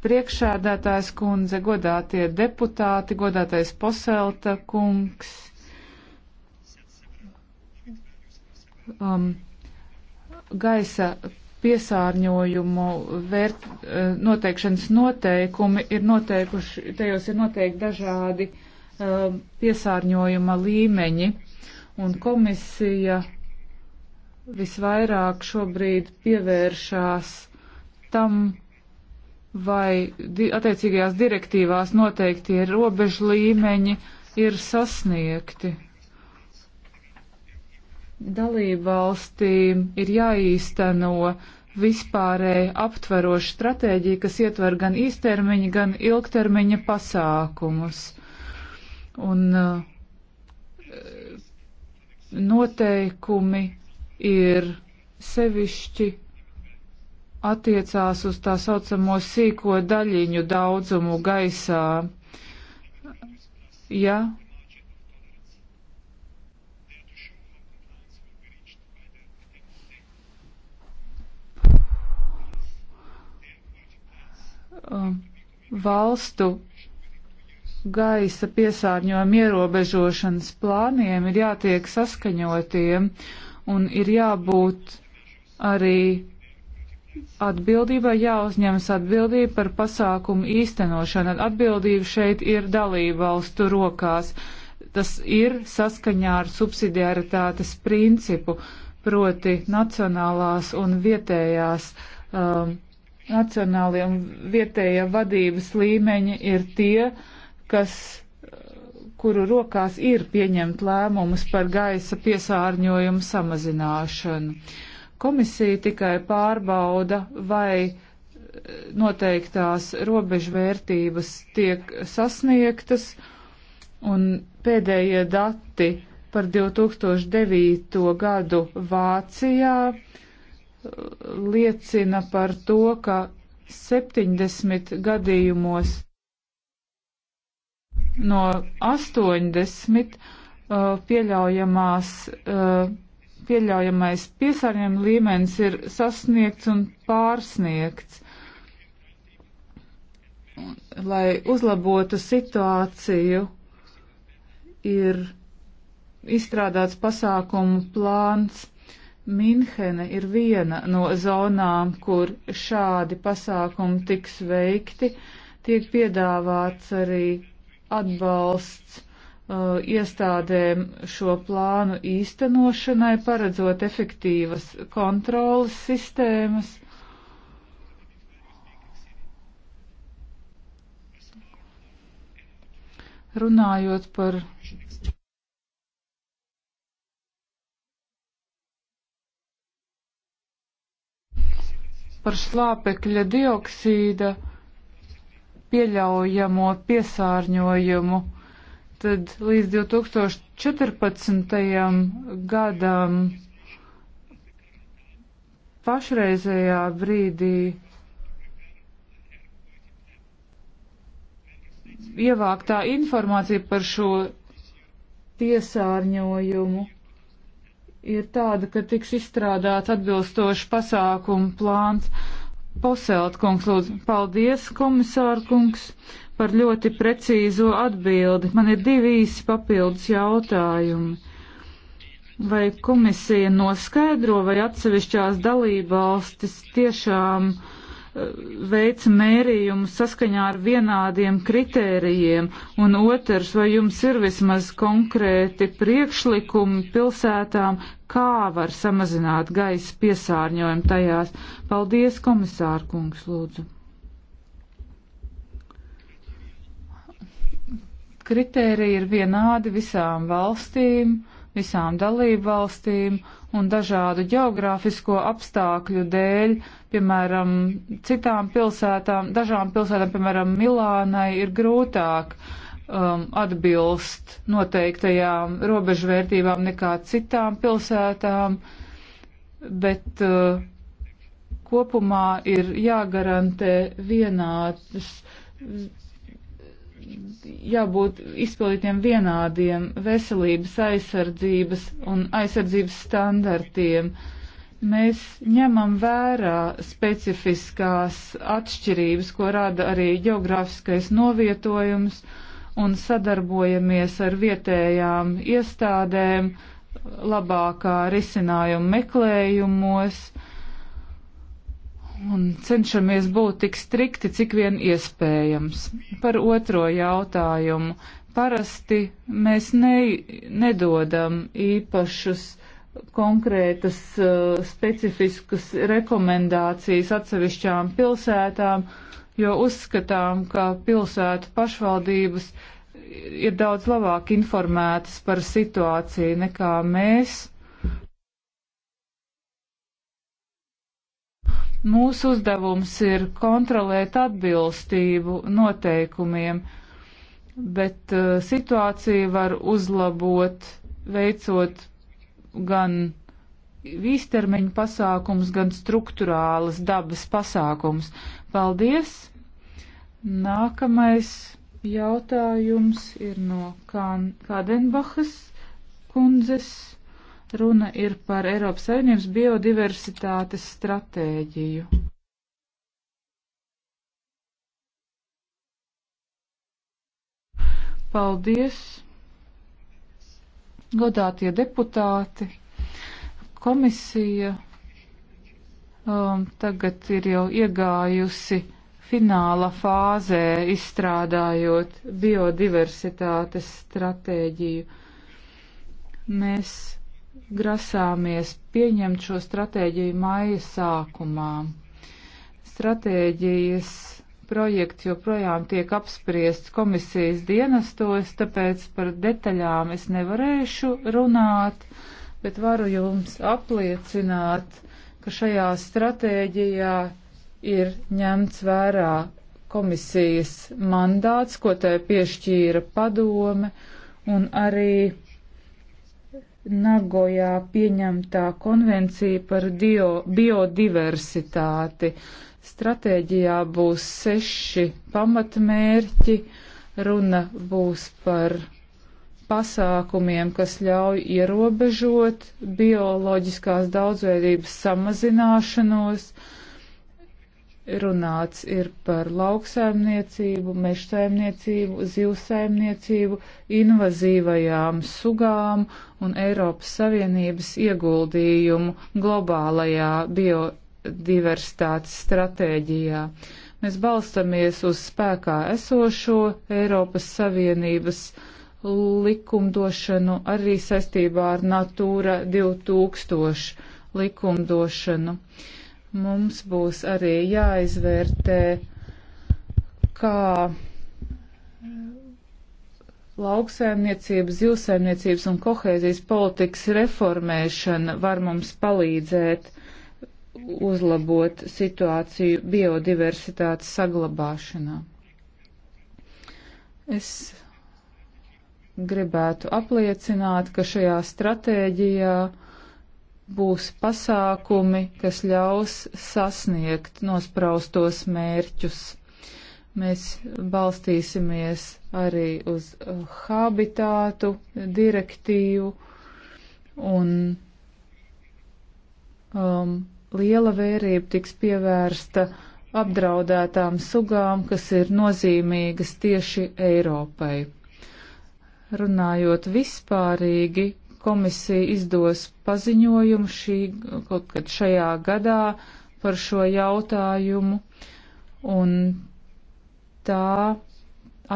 Priekšādātājs kundze, godātie deputāti, godātais poselta kungs. um, gaisa piesārņojumu vērt, uh, noteikšanas noteikumi ir noteikuši, tajos ir noteikti dažādi um, piesārņojuma līmeņi, un komisija visvairāk šobrīd pievēršās tam, vai di attiecīgajās direktīvās noteikti ir robežu līmeņi, ir sasniegti dalībvalstīm ir jāīsteno vispārēji aptveroša stratēģija, kas ietver gan īstermiņa, gan ilgtermiņa pasākumus. Un eh, noteikumi ir sevišķi attiecās uz tā saucamo sīko daļiņu daudzumu gaisā. Ja um, valstu gaisa piesārņojuma ierobežošanas plāniem ir jātiek saskaņotiem un ir jābūt arī atbildībai, jāuzņemas atbildība par pasākumu īstenošanu. Atbildība šeit ir dalība valstu rokās. Tas ir saskaņā ar subsidiaritātes principu, proti nacionālās un vietējās um, Nacionālie un vietējā vadības līmeņi ir tie, kas, kuru rokās ir pieņemt lēmumus par gaisa piesārņojumu samazināšanu. Komisija tikai pārbauda, vai eh, noteiktās robežvērtības tiek sasniegtas, un pēdējie dati par 2009. gadu Vācijā liecina par to, ka 70 gadījumos no 80 uh, pieļaujamās, uh, pieļaujamais piesārņojuma līmenis ir sasniegts un pārsniegts. Lai uzlabotu situāciju, ir izstrādāts pasākumu plāns Minhene ir viena no zonām, kur šādi pasākumi tiks veikti. Tiek piedāvāts arī atbalsts uh, iestādēm šo plānu īstenošanai, paredzot efektīvas kontrolas sistēmas. Runājot par par slāpekļa dioksīda pieļaujamo piesārņojumu, tad līdz 2014. gadam pašreizējā brīdī ievāktā informācija par šo piesārņojumu ir tāda, ka tiks izstrādāts atbilstošs pasākumu plāns. Poselt kungs, lūdzu, paldies, komisāra kungs, par ļoti precīzo atbildi. Man ir divi īsi papildus jautājumi. Vai komisija noskaidro, vai atsevišķās dalībvalstis tiešām uh, veic mērījumus saskaņā ar vienādiem kritērijiem, un otrs, vai jums ir vismaz konkrēti priekšlikumi pilsētām, kā var samazināt gaisa piesārņojumu tajās. Paldies, komisārkungs, lūdzu. Kritēriji ir vienādi visām valstīm, visām dalību valstīm, un dažādu geogrāfisko apstākļu dēļ, piemēram, citām pilsētām, dažām pilsētām, piemēram, Milānai, ir grūtāk um, atbilst noteiktajām robežvērtībām nekā citām pilsētām, bet uh, kopumā ir jāgarantē vienāds jābūt izpildītiem vienādiem veselības aizsardzības un aizsardzības standartiem. Mēs ņemam vērā specifiskās atšķirības, ko rada arī geogrāfiskais novietojums, un sadarbojamies ar vietējām iestādēm labākā risinājuma meklējumos. Uh, un cenšamies būt tik strikti, cik vien iespējams. Par otro jautājumu. Parasti mēs ne, nedodam īpašus konkrētas uh, specifiskas rekomendācijas atsevišķām pilsētām, jo uzskatām, ka pilsētu pašvaldības ir daudz labāk informētas par situāciju nekā mēs Mūsu uzdevums ir kontrolēt atbilstību noteikumiem, bet uh, situācija var uzlabot, veicot gan īstermiņa pasākums, gan struktūrālas dabas pasākums. Paldies! Nākamais jautājums ir no Kādenbachas kundzes. Runa ir par Eiropas Savienības biodiversitātes stratēģiju. Paldies, godātie deputāti, komisija um, tagad ir jau iegājusi fināla fāzē, izstrādājot biodiversitātes stratēģiju. Mēs grasāmies pieņemt šo stratēģiju māja sākumā. Stratēģijas projekts joprojām tiek apspriests komisijas dienestos, tāpēc par detaļām es nevarēšu runāt, bet varu jums apliecināt, ka šajā stratēģijā ir ņemts vērā komisijas mandāts, ko tai piešķīra padome, un arī Nagojā pieņemtā konvencija par dio, biodiversitāti. Stratēģijā būs seši pamatmērķi. Runa būs par pasākumiem, kas ļauj ierobežot bioloģiskās daudzveidības samazināšanos, uh, runāts ir par lauksaimniecību, mežsaimniecību, zivsaimniecību, invazīvajām sugām un Eiropas Savienības ieguldījumu globālajā biodiversitātes stratēģijā. Mēs balstamies uz spēkā esošo Eiropas Savienības likumdošanu arī saistībā ar Natūra 2000 likumdošanu. Uh, Mums būs arī jāizvērtē, kā lauksaimniecības, zivsaimniecības un kohēzijas politikas reformēšana var mums palīdzēt uzlabot situāciju biodiversitātes saglabāšanā. Es gribētu apliecināt, ka šajā stratēģijā būs pasākumi, kas ļaus sasniegt nospraustos mērķus. Mēs balstīsimies arī uz uh, habitātu direktīvu un um, liela vērība tiks pievērsta apdraudētām sugām, kas ir nozīmīgas tieši Eiropai runājot vispārīgi, komisija izdos paziņojumu šī, kaut kad šajā gadā par šo jautājumu, un tā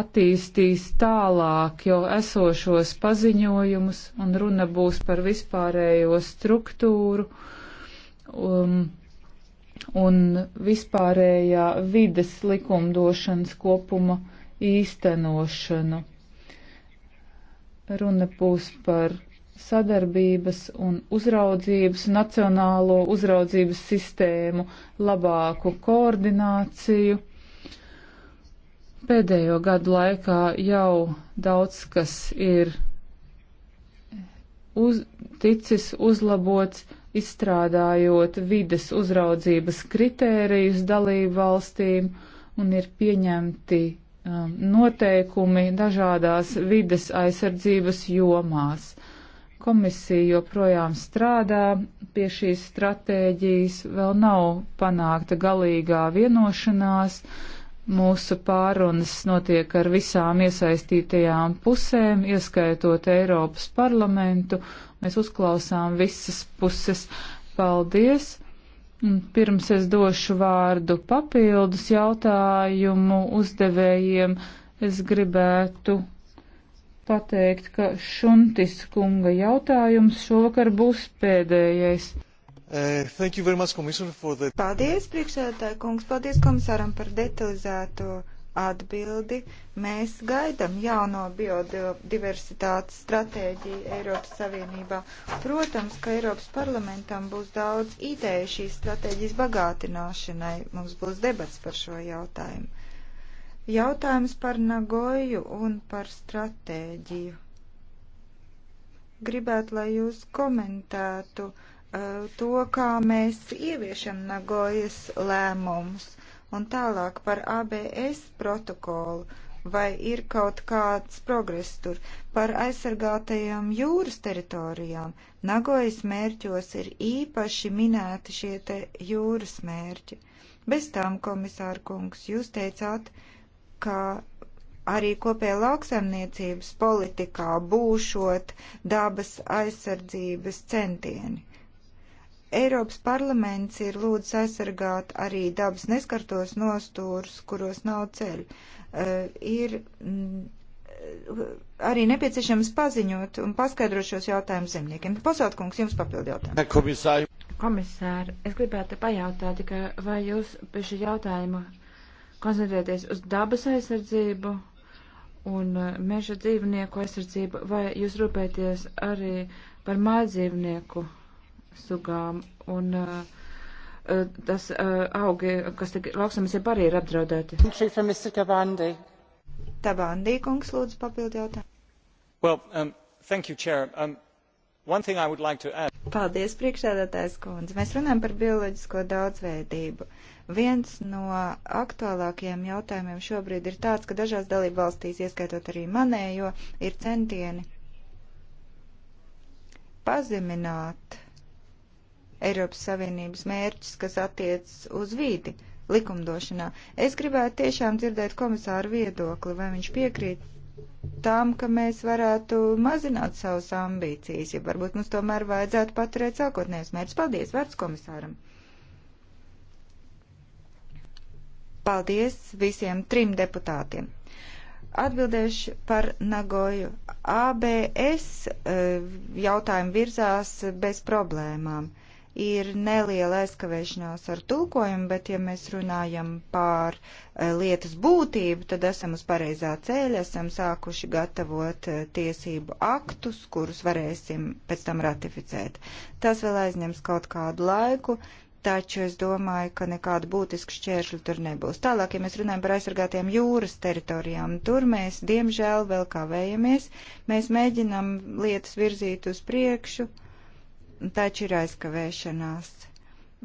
attīstīs tālāk jau esošos paziņojumus, un runa būs par vispārējo struktūru um, un vispārējā vides likumdošanas kopuma īstenošanu. Runa būs par sadarbības un uzraudzības, nacionālo uzraudzības sistēmu, labāku koordināciju. Pēdējo gadu laikā jau daudz kas ir uz, ticis uzlabots, izstrādājot vides uzraudzības kritērijus dalību valstīm un ir pieņemti um, noteikumi dažādās vides aizsardzības jomās Komisija joprojām strādā pie šīs stratēģijas, vēl nav panākta galīgā vienošanās. Mūsu pārunas notiek ar visām iesaistītajām pusēm, ieskaitot Eiropas parlamentu. Mēs uzklausām visas puses. Paldies! Un pirms es došu vārdu papildus jautājumu uzdevējiem, es gribētu pateikt, ka Šuntis kunga jautājums šovakar būs pēdējais. Uh, much, the... Paldies, priekšsēdētāji kungs, paldies komisāram par detalizēto atbildi. Mēs gaidam jauno biodiversitātes stratēģiju Eiropas Savienībā. Protams, ka Eiropas parlamentam būs daudz ideju šīs stratēģijas bagātināšanai. Mums būs debats par šo jautājumu. Jautājums par Nagoju un par stratēģiju. Gribētu, lai jūs komentētu uh, to, kā mēs ieviešam Nagojas lēmumus un tālāk par ABS protokolu, vai ir kaut kāds progress tur par aizsargātajām jūras teritorijām. Nagojas mērķos ir īpaši minēti šie te jūras mērķi. Bez tām, komisāra kungs, jūs teicāt, ka arī kopējā lauksaimniecības politikā būšot dabas aizsardzības centieni. Eiropas parlaments ir lūdzis aizsargāt arī dabas neskartos nostūrus, kuros nav ceļu. Uh, eh, ir mm, arī nepieciešams paziņot un paskaidrot šos jautājumus zemniekiem. Pasautkungs, jums papildu jautājumu. Komisāri. Komisāri, es gribētu pajautāt, ka vai jūs pie šī jautājuma koncentrēties uz dabas aizsardzību un uh, meža dzīvnieku aizsardzību, vai jūs rūpēties arī par mājdzīvnieku sugām un uh, uh tas uh, augi, kas tik lauksamies, arī ir apdraudēti? Tabandī kungs lūdzu papildu jautājumu. Well, um, thank you, Chair. Um, one thing I would like to add Paldies, priekšsēdētājs kundze. Mēs runājam par bioloģisko daudzveidību. Viens no aktuālākajiem jautājumiem šobrīd ir tāds, ka dažās dalību valstīs, ieskaitot arī manējo, ir centieni pazemināt Eiropas Savienības mērķus, kas attiecas uz vīdi likumdošanā. Es gribētu tiešām dzirdēt komisāru viedokli, vai viņš piekrīt tam, ka mēs varētu mazināt savas ambīcijas, ja varbūt mums tomēr vajadzētu paturēt sākotnējos mērķus. Paldies, vārds komisāram! Paldies visiem trim deputātiem! Atbildēšu par Nagoju. ABS eh, jautājumu virzās bez problēmām. Uh, ir neliela aizkavēšanās ar tulkojumu, bet ja mēs runājam par e, lietas būtību, tad esam uz pareizā ceļa, esam sākuši gatavot e, tiesību aktus, kurus varēsim pēc tam ratificēt. Tas vēl aizņems kaut kādu laiku, taču es domāju, ka nekādu būtisku šķēršļu tur nebūs. Tālāk, ja mēs runājam par aizsargātiem jūras teritorijām, tur mēs, diemžēl, vēl kavējamies. Mēs mēģinam lietas virzīt uz priekšu, tā taču ir aizkavēšanās.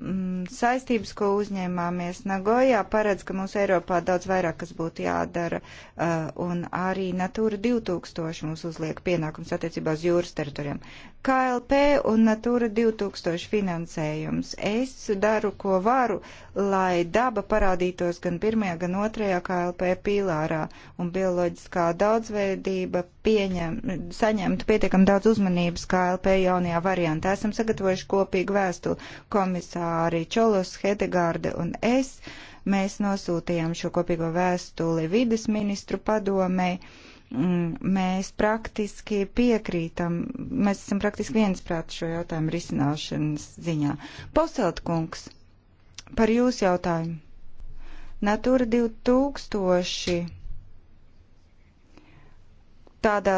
Mm, saistības, ko uzņēmāmies Nagojā, paredz, ka mums Eiropā daudz vairāk kas būtu jādara, uh, un arī Natūra 2000 mums uzliek pienākums attiecībā uz jūras teritorijām. KLP un Natūra 2000 finansējums. Es daru, ko varu, lai daba parādītos gan pirmajā, gan otrajā KLP pīlārā, un bioloģiskā daudzveidība pieņem, saņemtu pietiekam daudz uzmanības KLP jaunajā variantā. Esam sagatavojuši kopīgu vēstuli komisāru komisāri Čolos, Hedegārde un es, mēs nosūtījām šo kopīgo vēstuli vides ministru padomē. Mm, mēs praktiski piekrītam, mēs esam praktiski viensprāt šo jautājumu risināšanas ziņā. Poseltkungs, par jūsu jautājumu. Natura 2000 tādā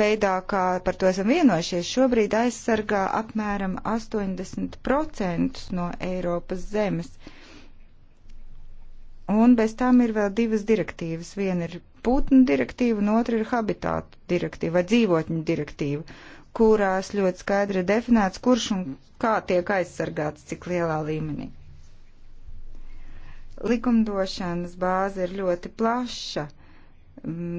veidā, kā par to esam vienojušies, šobrīd aizsargā apmēram 80% no Eiropas zemes. Un bez tam ir vēl divas direktīvas. Viena ir putnu direktīva, un otra ir habitātu direktīva vai dzīvotņu direktīva, kurās ļoti skaidri ir definēts, kurš un kā tiek aizsargāts, cik lielā līmenī. Likumdošanas bāze ir ļoti plaša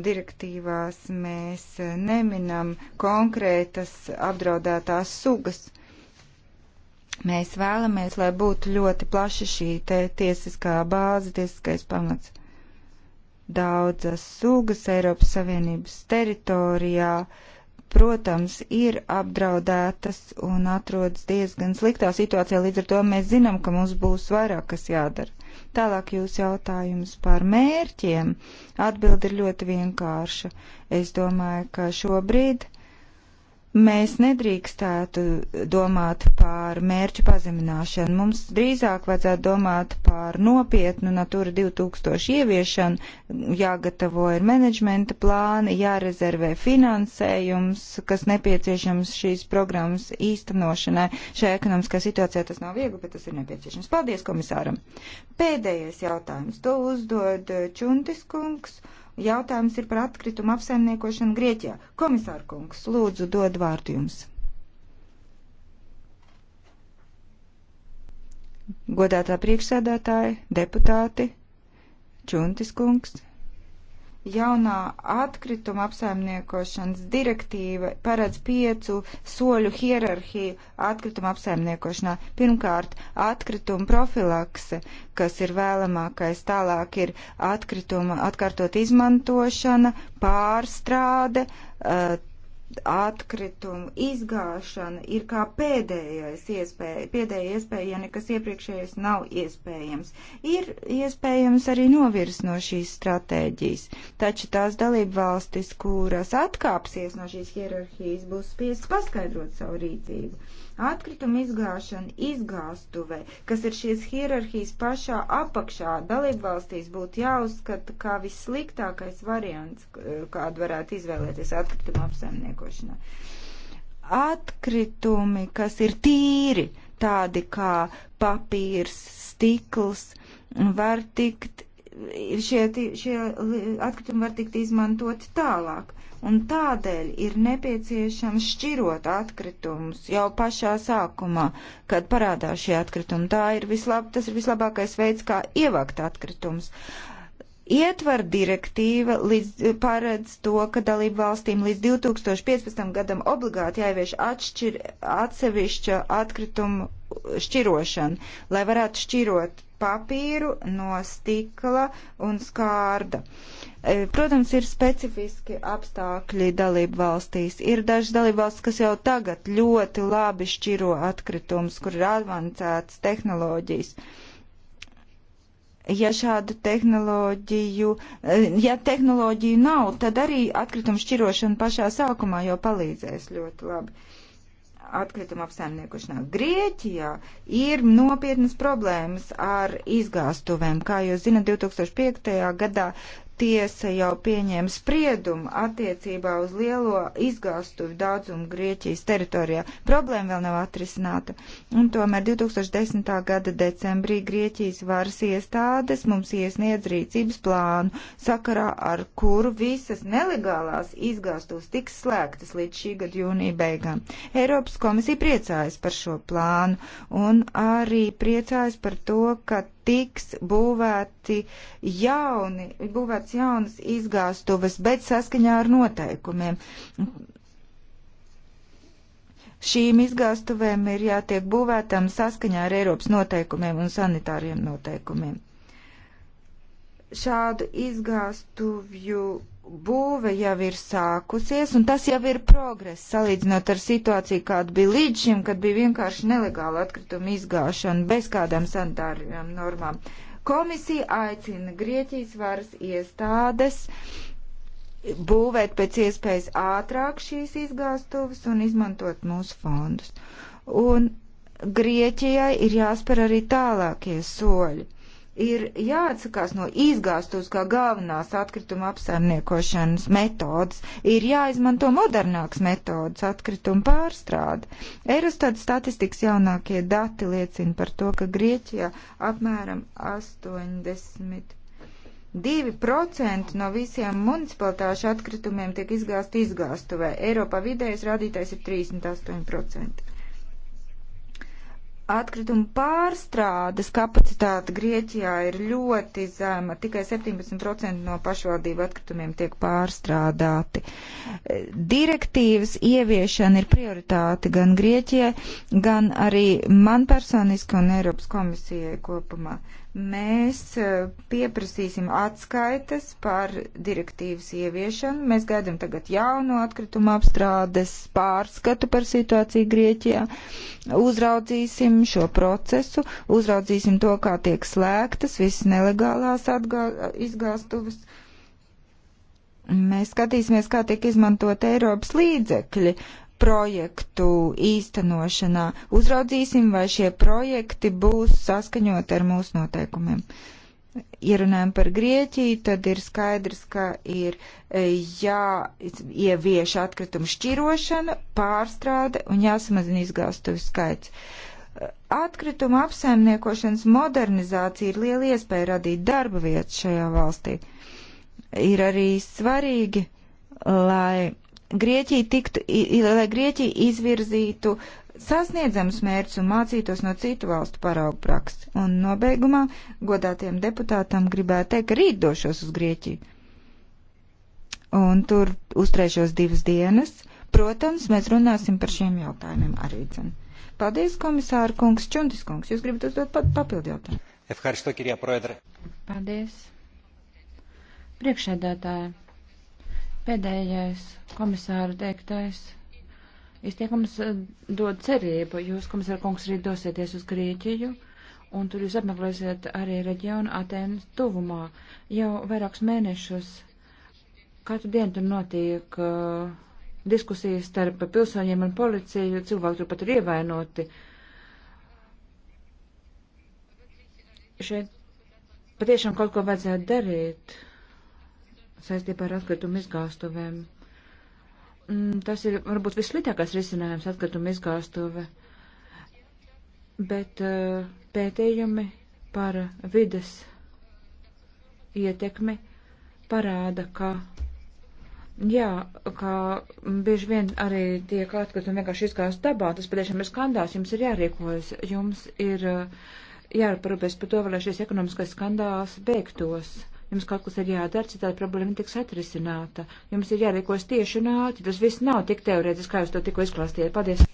direktīvās mēs neminam konkrētas apdraudētās sugas. Mēs vēlamies, lai būtu ļoti plaša šī tiesiskā bāze, tiesiskais pamats. Daudzas sugas Eiropas Savienības teritorijā uh, protams, ir apdraudētas un atrodas diezgan sliktā situācijā, līdz ar to mēs zinām, ka mums būs vairāk kas jādara. Tālāk jūs jautājums par mērķiem. Atbildi ir ļoti vienkārša. Es domāju, ka šobrīd Mēs nedrīkstētu domāt par mērķu pazemināšanu. Mums drīzāk vajadzētu domāt par nopietnu Natura 2000 ieviešanu, jāgatavo ir menedžmenta plāni, jārezervē finansējums, kas nepieciešams šīs programmas īstenošanai. Šajā ekonomiskā situācijā tas nav viegli, bet tas ir nepieciešams. Paldies komisāram! Pēdējais jautājums. To uzdod Čuntis kungs Jautājums ir par atkritumu apsaimniekošanu Grieķijā. Komisārkungs, lūdzu, dod vārdu jums. Godātā priekšsēdētāja, deputāti, Čuntis kungs. Jaunā atkrituma apsaimniekošanas direktīva paredz piecu soļu hierarhiju atkrituma apsaimniekošanā. Pirmkārt, atkrituma profilakse, kas ir vēlamākais. Tālāk ir atkrituma atkārtot izmantošana, pārstrāde, eh, atkritumu izgāšana ir kā pēdējais iespēja, pēdējā iespēja, ja nekas iepriekšējais nav iespējams. Ir iespējams arī novirs no šīs stratēģijas, taču tās dalība valstis, kuras atkāpsies no šīs hierarhijas, būs spiestas paskaidrot savu rīcību. Atkrituma izgāšana izgāstuvē, kas ir šīs hierarhijas pašā apakšā, dalību valstīs būtu jāuzskata kā vissliktākais variants, kādu varētu izvēlēties atkrituma apsaimniekošanā. Atkritumi, kas ir tīri, tādi kā papīrs, stikls, var tikt, šie, šie atkritumi var tikt izmantoti tālāk un tādēļ ir nepieciešams šķirot atkritumus jau pašā sākumā, kad parādās šie atkritumi. Tā ir vislab, tas ir vislabākais veids, kā ievākt atkritumus. Ietvar direktīva līdz, paredz to, ka dalību valstīm līdz 2015. gadam obligāti jāievieš atšķir, atsevišķa atkritumu šķirošana, lai varētu šķirot papīru, no stikla un skārda. E, protams, ir specifiski apstākļi dalību valstīs. Ir daži dalību valsts, kas jau tagad ļoti labi šķiro atkritumus, kur ir advancētas tehnoloģijas. Ja šādu tehnoloģiju, e, ja tehnoloģiju nav, tad arī atkritumu šķirošana pašā sākumā jau palīdzēs ļoti labi atkritumu apsaimniekošanā. Grieķijā ir nopietnas problēmas ar izgāstuvēm. Kā jūs zinat, 2005. gadā tiesa jau pieņēma spriedumu attiecībā uz lielo izgāstuvi daudzumu Grieķijas teritorijā. Problēma vēl nav atrisināta. Un tomēr 2010. gada decembrī Grieķijas varas iestādes mums iesniedz rīcības plānu, sakarā ar kuru visas nelegālās izgāstuves tiks slēgtas līdz šī gada jūnija beigām. Eiropas komisija priecājas par šo plānu un arī priecājas par to, ka tiks būvēti jauni, būvēts jaunas izgāstuvas, bet saskaņā ar noteikumiem. Šīm izgāstuvēm ir jātiek būvētām saskaņā ar Eiropas noteikumiem un sanitāriem noteikumiem. Šādu izgāstuvju būve jau ir sākusies, un tas jau ir progress, salīdzinot ar situāciju, kāda bija līdz šim, kad bija vienkārši nelegāla atkrituma izgāšana bez kādām sanitārajām normām. Komisija aicina Grieķijas varas iestādes būvēt pēc iespējas ātrāk šīs izgāstuves un izmantot mūsu fondus. Un Grieķijai ir jāspēr arī tālākie soļi ir jāatsakās no izgāstos kā galvenās atkrituma apsaimniekošanas metodas, ir jāizmanto modernāks metodas atkrituma pārstrāde. Eurostat statistikas jaunākie dati liecina par to, ka Grieķijā apmēram 80. 2% no visiem municipalitāšu atkritumiem tiek izgāsti izgāstuvē. Eiropā vidējais rādītājs ir 38%. Atkritumu pārstrādes kapacitāte Grieķijā ir ļoti zema. Tikai 17% no pašvaldību atkritumiem tiek pārstrādāti. Direktīvas ieviešana ir prioritāte gan Grieķijai, gan arī man personiski un Eiropas komisijai kopumā. Uh, mēs eh, pieprasīsim atskaites par direktīvas ieviešanu. Mēs gaidām tagad jauno atkrituma apstrādes pārskatu par situāciju Grieķijā. Uzraudzīsim šo procesu, uzraudzīsim to, kā tiek slēgtas visas nelegālās atgā, izgāstuves. Mēs skatīsimies, kā tiek izmantot Eiropas līdzekļi projektu īstenošanā. Uzraudzīsim, vai šie projekti būs saskaņot ar mūsu noteikumiem. Ja runājam par Grieķiju, tad ir skaidrs, ka ir e, jāievieš atkritumu šķirošana, pārstrāde un jāsamazina izgāstuvi skaits. Atkrituma apsaimniekošanas modernizācija ir liela iespēja radīt darba vietas šajā valstī. Ir arī svarīgi, lai Grieķija tiktu, lai Grieķija izvirzītu sasniedzams mērķis un mācītos no citu valstu paraugu prakses. Un nobeigumā godātiem deputātam gribētu teikt, ka rīt došos uz Grieķiju. Un tur uzturēšos divas dienas. Protams, mēs runāsim par šiem jautājumiem arī. Dzen. Paldies, komisāra kungs, Čuntis kungs. Jūs gribat uzdot pa papildu jautājumu? Paldies. Priekšēdētāji. Pēdējais komisāra teiktais izteikums eh, dod cerību. Jūs, komisāra kungs, rīt dosieties uz Grieķiju, un tur jūs apmeklēsiet arī reģionu Atēnas tuvumā. Jau vairākus mēnešus katru dienu tur notiek uh, diskusijas starp pilsoņiem un policiju, cilvēki tur pat ir ievainoti. Šeit patiešām kaut ko vajadzētu darīt saistībā ar atkritumu izgāstuvēm. Mm, tas ir varbūt vissliktākais risinājums atkritumu izgāstuve, bet eh, pētījumi par vides ietekmi parāda, ka Jā, kā bieži vien arī tiek atkritumi vienkārši izgāzt dabā, tas patiešām ir skandāls, jums ir jārīkojas, jums ir eh, jāparūpēs par to, lai šis ekonomiskais skandāls beigtos. Uh, Jums kaut kas ir jādara, citādi problēma tiks atrisināta. Jums ir jārīkojas tieši un ātri. Tas viss nav tik teorētiski, kā jūs to tikko izklāstījāt. Paldies!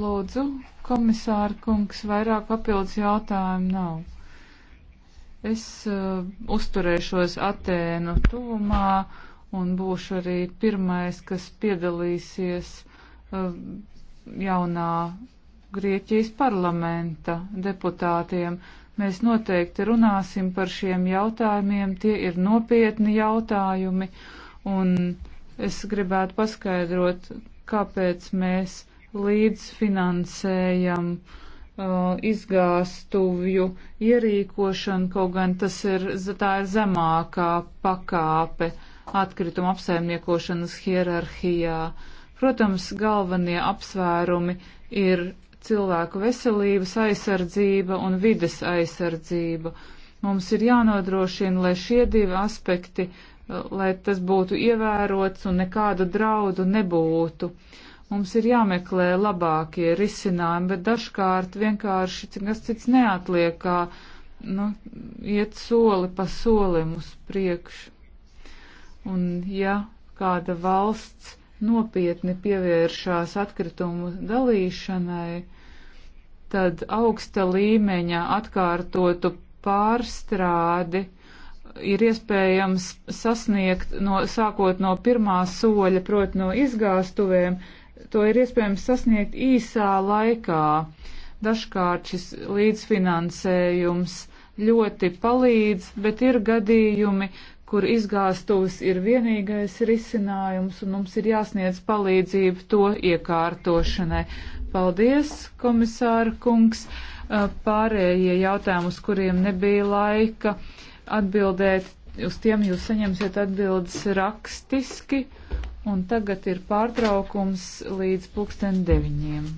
Lūdzu, komisāra kungs, vairāk papildus jautājumu nav. Es uh, uzturēšos Atēnu tuvumā un būšu arī pirmais, kas piedalīsies Eh, jaunā Grieķijas parlamenta deputātiem. Mēs noteikti runāsim par šiem jautājumiem, tie ir nopietni jautājumi, un es gribētu paskaidrot, kāpēc mēs līdzfinansējam uh, izgāstuvju ierīkošanu, kaut gan tas ir, tā ir zemākā pakāpe atkrituma apsaimniekošanas hierarhijā. Uh, Protams, galvenie apsvērumi ir cilvēku veselības aizsardzība un vides aizsardzība. Mums ir jānodrošina, lai šie divi aspekti, eh, lai tas būtu ievērots un nekādu draudu nebūtu. Mums ir jāmeklē labākie risinājumi, bet dažkārt vienkārši nekas cits neatliek, kā nu, iet soli pa solim uz priekšu. Un ja kāda valsts nopietni pievēršās atkritumu dalīšanai, tad augsta līmeņa atkārtotu pārstrādi ir iespējams sasniegt no, sākot no pirmā soļa, proti no izgāstuvēm, to ir iespējams sasniegt īsā laikā. Dažkārt šis līdzfinansējums ļoti palīdz, bet ir gadījumi, kur izgāstuvis ir vienīgais risinājums, un mums ir jāsniedz palīdzību to iekārtošanai. Paldies, komisāra kungs! Pārējie jautājumi, uz kuriem nebija laika atbildēt, uz tiem jūs saņemsiet atbildes rakstiski, un tagad ir pārtraukums līdz pulksten deviņiem.